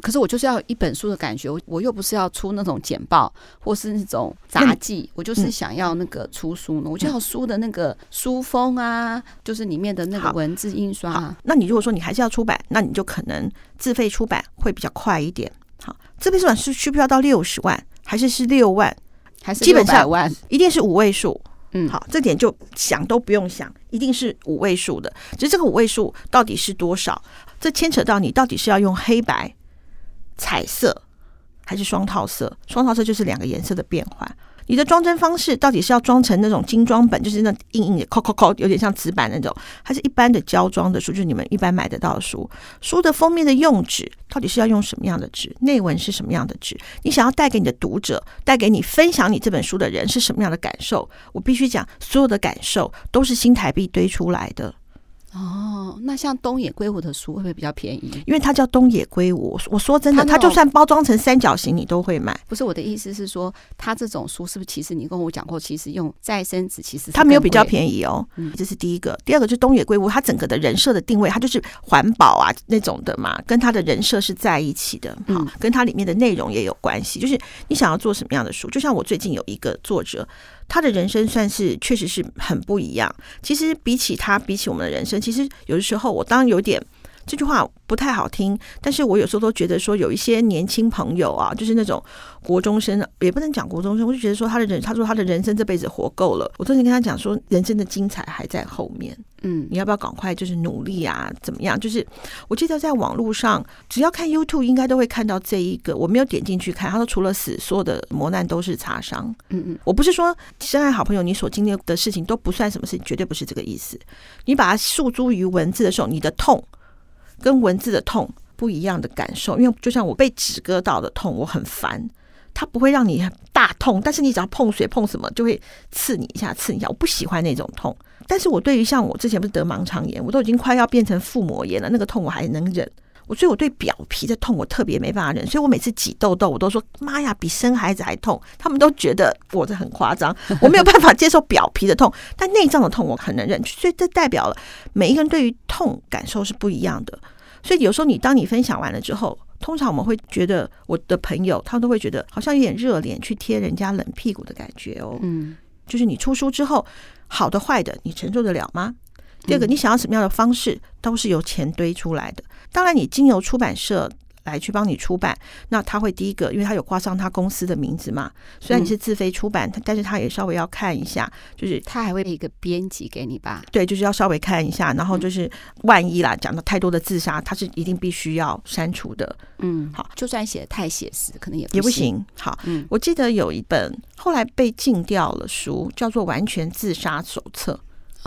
可是我就是要一本書的感覺，我我又不是要出那種簡報或是那種雜記，嗯嗯、我就是想要那個出書呢。我就要書的那個書封啊，嗯、就是裡面的那個文字印刷啊。那你如果說你還是要出版，那你就可能自費出版會比較快一點。好，自費出版是需不需要到六十萬，還是是六萬，還是六百萬，基本上一定是五位數。嗯，好，這點就想都不用想，一定是五位數的。其實這個五位數到底是多少，這牽扯到你到底是要用黑白、彩色還是雙套色？雙套色就是兩個顏色的變換。你的裝幀方式到底是要裝成那種精裝本，就是那種硬硬的，摳摳摳，有點像紙板那種，還是一般的膠裝的書？就是你們一般買得到的書。書的封面的用紙到底是要用什麼樣的紙？內文是什麼樣的紙？你想要帶給你的讀者，帶給你分享你這本書的人是什麼樣的感受？我必須講，所有的感受都是新台幣堆出來的。哦，那像東野圭吾的書會不會比較便宜？因為它叫東野圭吾，我說真的，它，它就算包裝成三角形，你都會買。不是，我的意思是說，他這種書是不是其實你跟我講過，其實用再生紙，其實是它沒有比較便宜哦。嗯，這是第一個，第二個就是東野圭吾，他整個的人設的定位，它就是環保啊那種的嘛，跟他的人設是在一起的，好，嗯，跟它裡面的內容也有關係。就是你想要做什麼樣的書，就像我最近有一個作者。他的人生算是確實是很不一樣。其實比起他，比起我們的人生，其實有的時候我當然有點。這句話不太好聽，但是我有時候都覺得說有一些年輕朋友啊，就是那種國中生，也不能講國中生。我就覺得說他的人，他說他的人生這輩子活夠了。我最近跟他講說，人生的精彩還在後面。嗯，你要不要趕快就是努力啊？怎麼樣？就是我記得在網絡上，只要看 YouTube，應該都會看到這一個。我沒有點進去看，他說除了死，所有的磨難都是擦傷。嗯嗯，我不是說深愛好朋友，你所經歷的事情都不算什麼事情，絕對不是這個意思。你把它訴諸於文字的時候，你的痛，跟文字的痛不一樣的感受，因為就像我被紙割到的痛，我很煩，它不會讓你大痛，但是你只要碰水碰什麼就會刺你一下，刺你一下，我不喜歡那種痛。但是我對於像我之前不是得盲腸炎，我都已經快要變成腹膜炎了，那個痛我還能忍。我所以我對表皮的痛我特別沒辦法忍，所以我每次擠痘痘我都說媽呀，比生孩子還痛。他們都覺得我這很誇張，我沒有辦法接受表皮的痛， 但內臟的痛我很能忍。所以這代表了每一個人對於痛感受是不一樣的。所以有時候你當你分享完了之後，通常我們會覺得我的朋友他們都會覺得好像有點熱臉去貼人家冷屁股的感覺哦。嗯，就是你出書之後好的壞的你承受得了嗎？第二、嗯、個你想要什麼樣的方式都是由錢堆出來的。當然，你經由出版社來去幫你出版，那他會第一個，因為他有掛上他公司的名字嘛。雖然你是自費出版，嗯、但是他也稍微要看一下，就是他還會配一個編輯給你吧？對，就是要稍微看一下，然後就是萬一啦，講到太多的自殺，他是一定必須要刪除的。嗯，好，就算寫的太寫實，可能也不行也不行。好，嗯，我記得有一本後來被禁掉了書，叫做《完全自殺手冊》。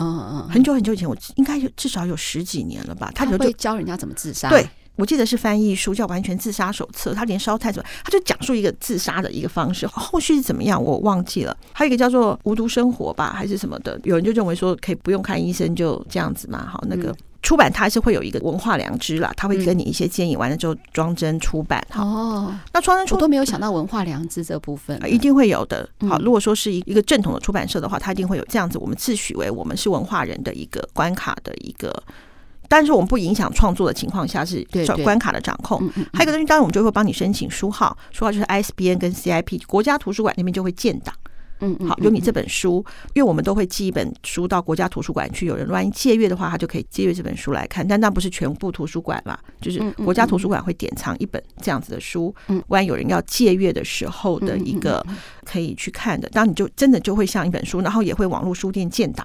嗯嗯，oh, oh, oh, 很久很久以前，我應該有至少有十幾年了吧。他就會教人家怎麼自殺。對，我記得是翻譯書叫《完全自殺手冊》，他連燒炭什麼，他就講述一個自殺的一個方式，後續是怎麼樣，我忘記了。還有一個叫做“無毒生活”吧，還是什麼的，有人就認為說可以不用看醫生，就這樣子嘛。好，那個。嗯出版他是會有一個文化良知啦，他會給你一些建議，完了之後裝幀出版。哦，那裝幀出都沒有想到文化良知這部分，一定會有的。好，如果說是一一個正統的出版社的話，它一定會有這樣子，我們自詡為我們是文化人的一個關卡的一個，但是我們不影響創作的情況下是關卡的掌控。對對 還有一個東西，當然我們就會幫你申請書號，書號就是 ISBN 跟 CIP 國家圖書館那邊就會建檔。嗯、嗯、嗯、嗯，好，有你這本書，因為我們都會寄一本書到國家圖書館去。有人萬一借閱的話，他就可以借閱這本書來看。但那不是全部圖書館嘛，就是國家圖書館會典藏一本這樣子的書，嗯嗯嗯，萬一有、有人要借閱的時候的一個可以去看的。當你就真的就會像一本書，然後也會網絡書店建檔。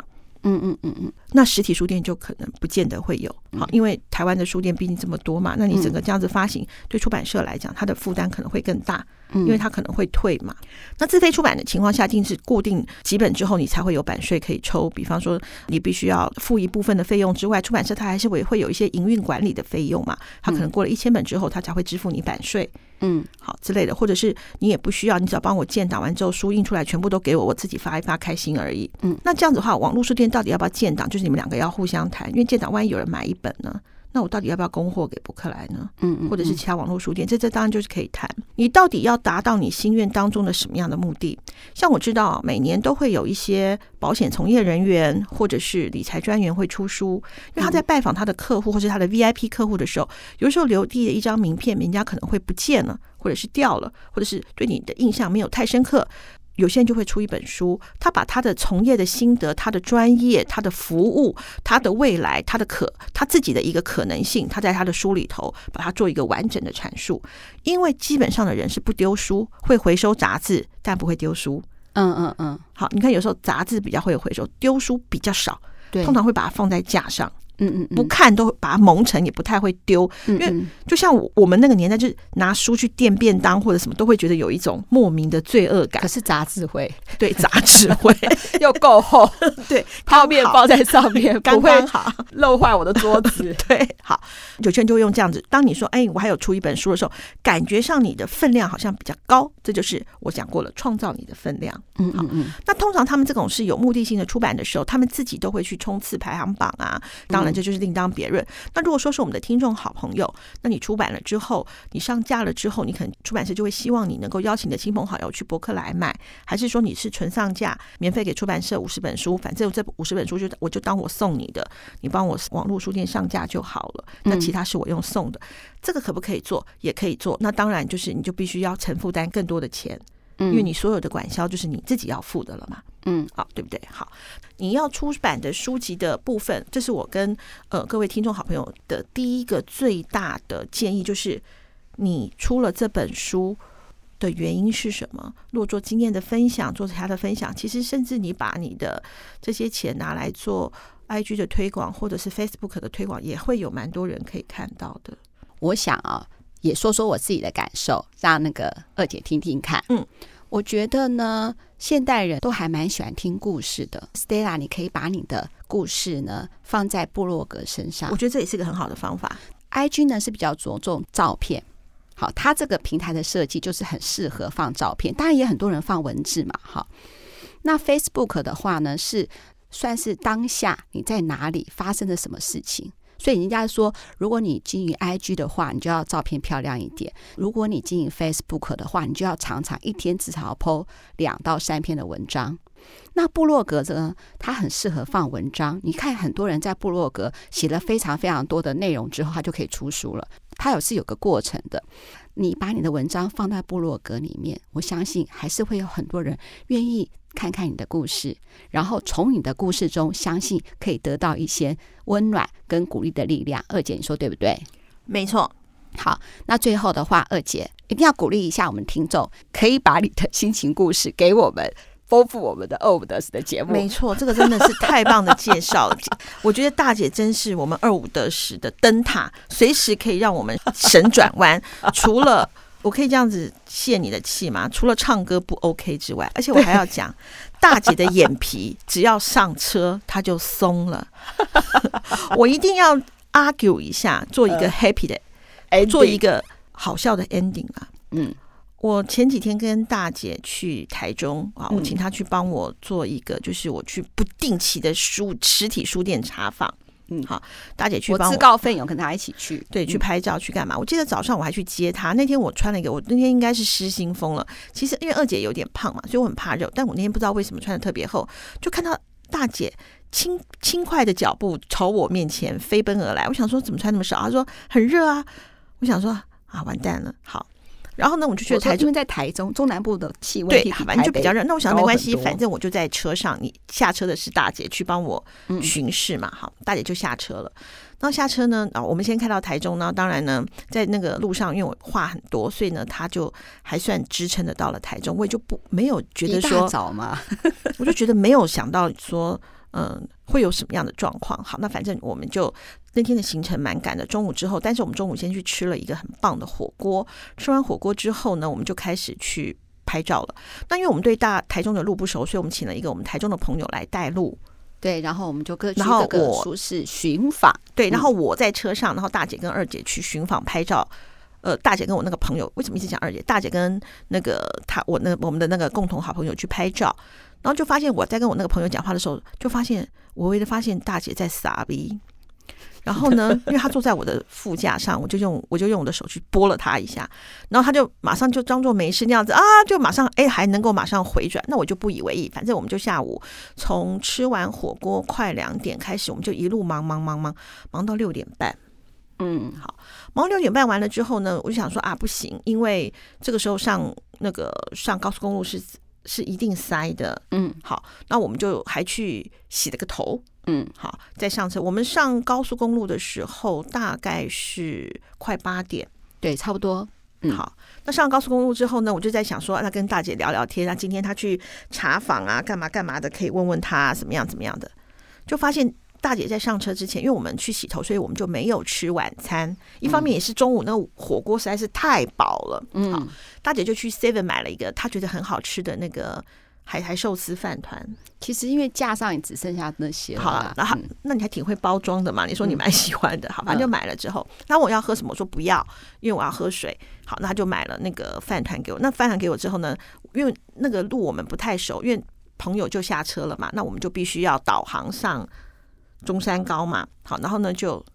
嗯嗯嗯嗯，那實體書店就可能不見得會有。好，因為台灣的書店畢竟這麼多嘛，那你整個這樣子發行，對出版社來講，它的負擔可能會更大。因為他可能會退嘛，嗯，那自費出版的情況下，一定是固定幾本之後你才會有版稅可以抽。比方說，你必須要付一部分的費用之外，出版社它還是會會有一些營運管理的費用嘛。它可能過了一千本之後，它才會支付你版稅。嗯，好之類的，或者是你也不需要，你只要幫我建檔完之後，書印出來全部都給我，我自己發一發開心而已。嗯，那這樣子的話，網絡書店到底要不要建檔？就是你們兩個要互相談，因為建檔萬一有人買一本呢？那我到底要不要供貨給博客來？呢？嗯，或者是其他網絡書店？嗯嗯嗯，這這當然就是可以談。你到底要達到你心願當中的什麼樣的目的？像我知道，每年都會有一些保險從業人員或者是理財專員會出書，因為他在拜訪他的客戶或者是他的 VIP 客戶的時候，嗯、有時候留地的一張名片，人家可能會不見了，或者是掉了，或者是對你的印象沒有太深刻。有些人就會出一本書，他把他的從業的心得、他的專業、他的服務、他的未來、他的可，他自己的一個可能性，他在他的書裡頭把它做一個完整的闡述。因為基本上的人是不丟書，會回收雜誌，但不會丟書。嗯嗯嗯。好，你看有時候雜誌比較會有回收，丟書比較少，對，通常會把它放在架上。嗯嗯，不看都會把它蒙塵，也不太會丟，嗯嗯因為就像我我們那個年代，就是拿書去墊便當或者什麼，都會覺得有一種莫名的罪惡感。可是雜誌會，對雜誌會 又夠厚， 對泡麵包在上面，剛好，不會漏壞我的桌子。 對，好，有些人就會用這樣子。當你說“哎、欸，我還有出一本書”的時候，感覺上你的分量好像比較高。這就是我講過了，創造你的分量。好嗯嗯嗯。那通常他們這種是有目的性的出版的時候，他們自己都會去衝刺排行榜啊。當那、嗯、這就是另當別論。那如果說是我們的聽眾好朋友，那你出版了之後，你上架了之後，你可能出版社就會希望你能夠邀請你的親朋好友去博客來買，還是說你是純上架，免費給出版社五十本書，反正這五十本書就我就當我送你的，你幫我網絡書店上架就好了。那其他是我用送的，嗯、這個可不可以做？也可以做。那當然就是你就必須要承負擔更多的錢，因為你所有的管銷就是你自己要付的了嘛。嗯，好，對不對？好。你要出版的書籍的部分，這是我跟呃各位聽眾好朋友的第一個最大的建議，就是你出了這本書的原因是什麼？若做經驗的分享，做其他的分享，其實甚至你把你的這些錢拿來做 IG 的推廣，或者是 Facebook 的推廣，也會有蠻多人可以看到的。我想啊、哦，也說說我自己的感受，讓那個二姐聽聽看。嗯。我覺得呢，現代人都還蠻喜歡聽故事的。Stella，你可以把你的故事呢放在部落格身上，我覺得這也是個很好的方法。IG 呢是比較着重照片，好，它這個平台的設計就是很適合放照片，當然也很多人放文字嘛。好，那 Facebook 的話呢，是算是當下你在哪裡發生了什麼事情。所以人家說，如果你經營 IG 的話，你就要照片漂亮一點；如果你經營 Facebook 的話，你就要常常一天至少要 po 兩到三篇的文章。那部落格呢？它很適合放文章。你看，很多人在部落格寫了非常非常多的內容之後，他就可以出書了。它有是有個過程的。你把你的文章放在部落格裡面，我相信還是會有很多人願意看看你的故事，然後從你的故事中相信可以得到一些溫暖跟鼓勵的力量。二姐，你說對不對？沒錯。好，那最後的話，二姐一定要鼓勵一下我們聽眾，可以把你的心情故事給我們。豐富我們的二五得十的節目，沒錯，這個真的是太棒的介紹了。 我覺得大姐真是我們二五得十的燈塔，隨時可以讓我們神轉彎。 除了我可以這樣子泄你的氣嗎？除了唱歌不 OK 之外，而且我還要講，對大姐的眼皮只要上車，她就鬆了。 我一定要 argue 一下，做一個 happy 的、uh, ending. 做一個好笑的 ending 啊！嗯。我前幾天跟大姐去台中啊，我請她去幫我做一個，嗯、就是我去不定期的書實體書店查訪。嗯，好，大姐去幫我，我自告奮勇跟她一起去，對，去拍照，去幹嘛？我記得早上我還去接她。嗯、那天我穿了一個，我那天應該是失心瘋了。其實因為二姐有點胖嘛，所以我很怕熱，但我那天不知道為什麼穿的特別厚，就看到大姐輕輕快的腳步朝我面前飛奔而來。我想說怎麼穿那麼少？她說很熱啊。我想說啊，完蛋了，好。然後呢，我就覺得台中，在台中，中南部的氣溫，對，反正就比較熱。那我想沒關係，反正我就在車上。你下車的是大姐去幫我巡視嘛？好，大姐就下車了。那下車呢？啊，我們先開到台中呢。當然呢，在那個路上，因為我話很多，所以呢，她就還算支撐得到了台中。我也就不沒有覺得說早嘛，我就覺得沒有想到說。嗯，會有什麼樣的狀況？好，那反正我們就那天的行程蠻趕的，中午之後，但是我們中午先去吃了一個很棒的火鍋。吃完火鍋之後呢，我們就開始去拍照了。那因為我們對大台中的路不熟，所以我們請了一個我們台中的朋友來帶路。對，然後我們就各出各出是尋訪。對，然後我在車上，然後大姐跟二姐去尋訪拍照。嗯、呃，大姐跟我那個朋友為什麼一直講二姐？大姐跟那個他，我那個、我們的那個共同好朋友去拍照。然後就發現我在跟我那個朋友講話的時候，就發現微微的發現大姐在傻逼。然後呢，因為她坐在我的副駕上，我就用我就用我的手去撥了她一下，然後她就馬上就裝作沒事那樣子啊，就馬上哎還能夠馬上回轉，那我就不以為意。反正我們就下午從吃完火鍋快兩點開始，我們就一路忙忙忙忙忙，忙到六點半。嗯，好，忙到六點半完了之後呢，我就想說啊，不行，因為這個時候上那個上高速公路是。是一定塞的，嗯，好，那我們就還去洗了個頭，嗯，好，再上車。我們上高速公路的時候大概是快八點，對，差不多，嗯，好。那上高速公路之後呢，我就在想說，那跟大姐聊聊天。那今天她去查房啊，幹嘛幹嘛的，可以問問她、啊、怎麼樣怎麼樣的。就發現大姐在上車之前，因為我們去洗頭，所以我們就沒有吃晚餐。一方面也是中午那火鍋實在是太飽了，嗯。好大姐就去 Seven 買了一個她覺得很好吃的那個海苔壽司飯糰。其實因為架上也只剩下那些了，啊，那、啊嗯、那你還挺會包裝的嘛？你說你蠻喜歡的，好吧，就買了之後，那、嗯、我要喝什麼？我說不要，因為我要喝水。好，那他就買了那個飯糰給我。那飯糰給我之後呢，因為那個路我們不太熟，因為朋友就下車了嘛，那我們就必須要導航上中山高嘛。好，然後呢就。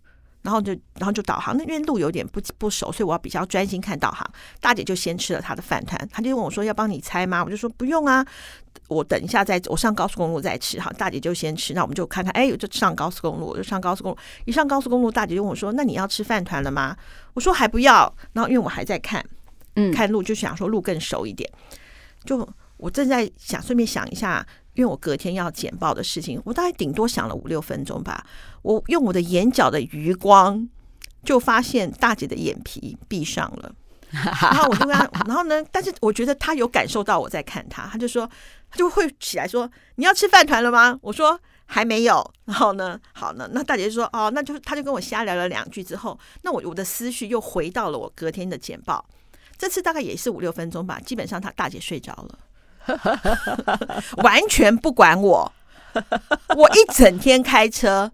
然後就，然後就導航。那因為路有點不不熟，所以我要比較專心看導航。大姐就先吃了她的飯糰，她就問我說：“要幫你猜嗎？”我就說：“不用啊，我等一下再，我上高速公路再吃。”好，大姐就先吃。那我們就看看，哎，我就上高速公路，我就上高速公路。一上高速公路，大姐就問我說：“那你要吃飯糰了嗎？”我說：“還不要。”然後因為我還在看，嗯，看路就想說路更熟一點。就我正在想，順便想一下，因為我隔天要簡報的事情，我大概頂多想了五六分鐘吧。我用我的眼角的餘光，就發現大姐的眼皮閉上了，然後我就跟她，然後呢，但是我覺得她有感受到我在看她，她就說她就會起來說，你要吃飯糰了嗎？我說還沒有，然後呢，好呢，那大姐就說哦，那就她就跟我瞎聊了兩句之後，那我我的思緒又回到了我隔天的簡報，這次大概也是五六分鐘吧，基本上她大姐睡着了。 完全不管我，我一整天開車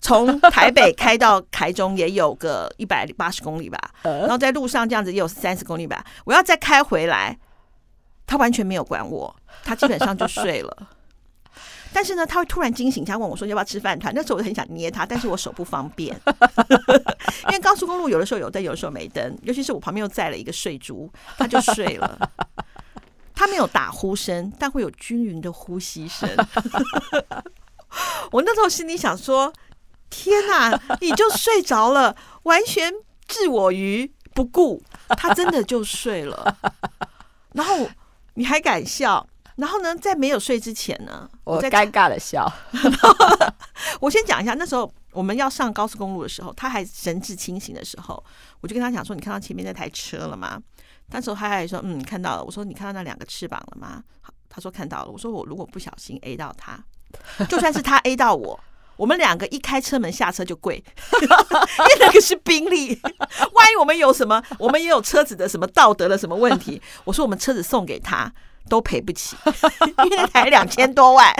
從台北開到台中也有個一百八十公里吧，然後在路上這樣子也有三十公里吧。我要再開回來，他完全沒有管我，他基本上就睡了。但是呢，他會突然驚醒，他問我說要不要吃飯糰。那時候我就很想捏他，但是我手不方便，因為高速公路有的時候有燈，有的時候沒燈，尤其是我旁邊又載了一個睡豬，他就睡了。他沒有打呼聲，但會有均勻的呼吸聲。 我那時候心裡想說：“天哪，你就睡着了，完全置我於不顧。”他真的就睡了，然後你還敢笑？然後呢，在沒有睡之前呢，我在尷尬的笑。我先講一下，那時候我們要上高速公路的時候，他還神志清醒的時候，我就跟他講說：“你看到前面那台車了嗎？”當時嗨嗨說嗯，看到了，我說，你看到那兩個翅膀了嗎？他說看到了。我說，我如果不小心 A 到他，就算是他 A 到我，我們兩個一開車門下車就跪，因為那個是賓利，萬一我們有什麼，我們也有車子的什麼道德的什麼問題，我說我們車子送給他都賠不起，因為才兩千多萬。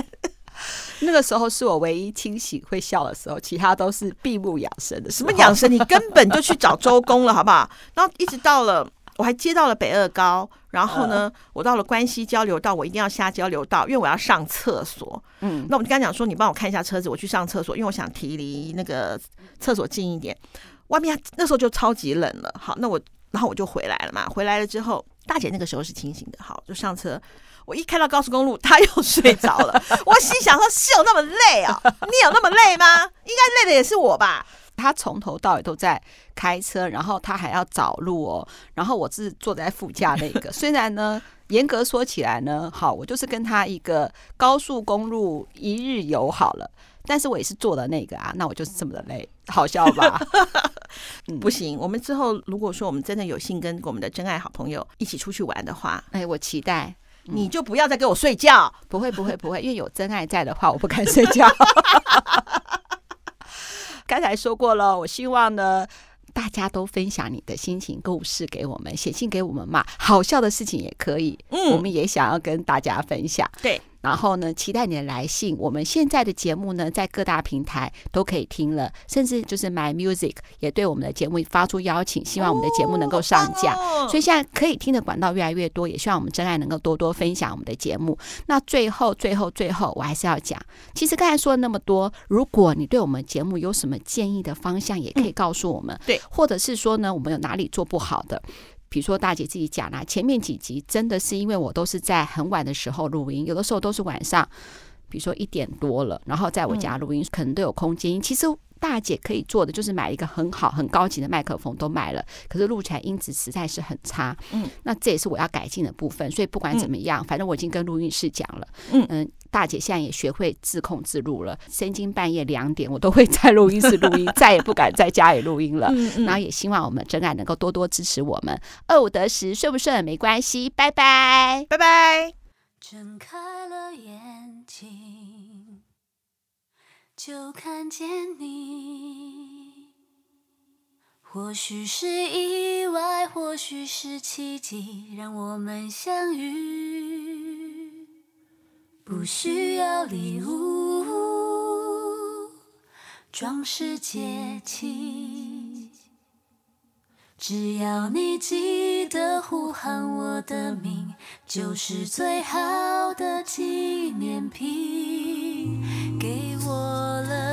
那個時候是我唯一清醒會笑的時候，其他都是閉目養生的。什麼養生？你根本就去找周公了，好不好？然後一直到了。我還接到了北二高，然後呢，我到了關西交流道，我一定要下交流道，因為我要上廁所。嗯，那我就跟他講說，你幫我看一下車子，我去上廁所，因為我想提離那個廁所近一點。外面那時候就超級冷了，好，那我然後我就回來了嘛。回來了之後，大姐那個時候是清醒的，好，就上車。我一開到高速公路，她又睡着了。 我心想說，是有那麼累啊？你有那麼累嗎？應該累的也是我吧。他從頭到尾都在開車，然後他還要找路哦。然後我是坐在副駕那個，雖然呢，嚴格說起來呢，好，我就是跟他一個高速公路一日遊好了。但是我也是坐的那個啊，那我就是這麼的累，好笑吧？不行，我們之後如果說我們真的有幸跟我們的真愛好朋友一起出去玩的話，哎，我期待。嗯、你就不要再給我睡覺，不會、嗯，不會，不會，因為有真愛在的話，我不敢睡覺。 剛才說過了，我希望呢，大家都分享你的心情故事給我們，寫信給我們嘛，好笑的事情也可以，嗯，我們也想要跟大家分享。對。然後呢，期待你的來信。我們現在的節目呢，在各大平台都可以聽了，甚至就是 My Music 也對我們的節目發出邀請，希望我們的節目能夠上架。哦哦、所以現在可以聽的管道越來越多，也希望我們真愛能夠多多分享我們的節目。那最後，最後，最後，我還是要講，其實剛才說了那麼多，如果你對我們節目有什麼建議的方向，也可以告訴我們。嗯、對，或者是說呢，我們有哪裡做不好的？比如說大姐自己講啦、啊，前面幾集真的是因為我都是在很晚的時候錄音，有的時候都是晚上，比如說一點多了，然後在我家錄音可能都有空間。其實大姐可以做的就是買一個很好、很高級的麥克風，都買了，可是錄起來音質實在是很差。那這也是我要改進的部分。所以不管怎麼樣，反正我已經跟錄音師講了。嗯。嗯大姐現在也學會自控自錄了，深更半夜兩點我都會在錄音室錄音。 再也不敢在家裡錄音了、 嗯嗯、然後也希望我們真愛能夠多多支持我們二五得十順不順沒關係，拜拜拜拜。睜開了眼睛就看見你，或許是意外，或許是奇蹟，讓我們相遇不需要禮物裝飾節慶，只要你記得呼喊我的名，就是最好的紀念品，給我了。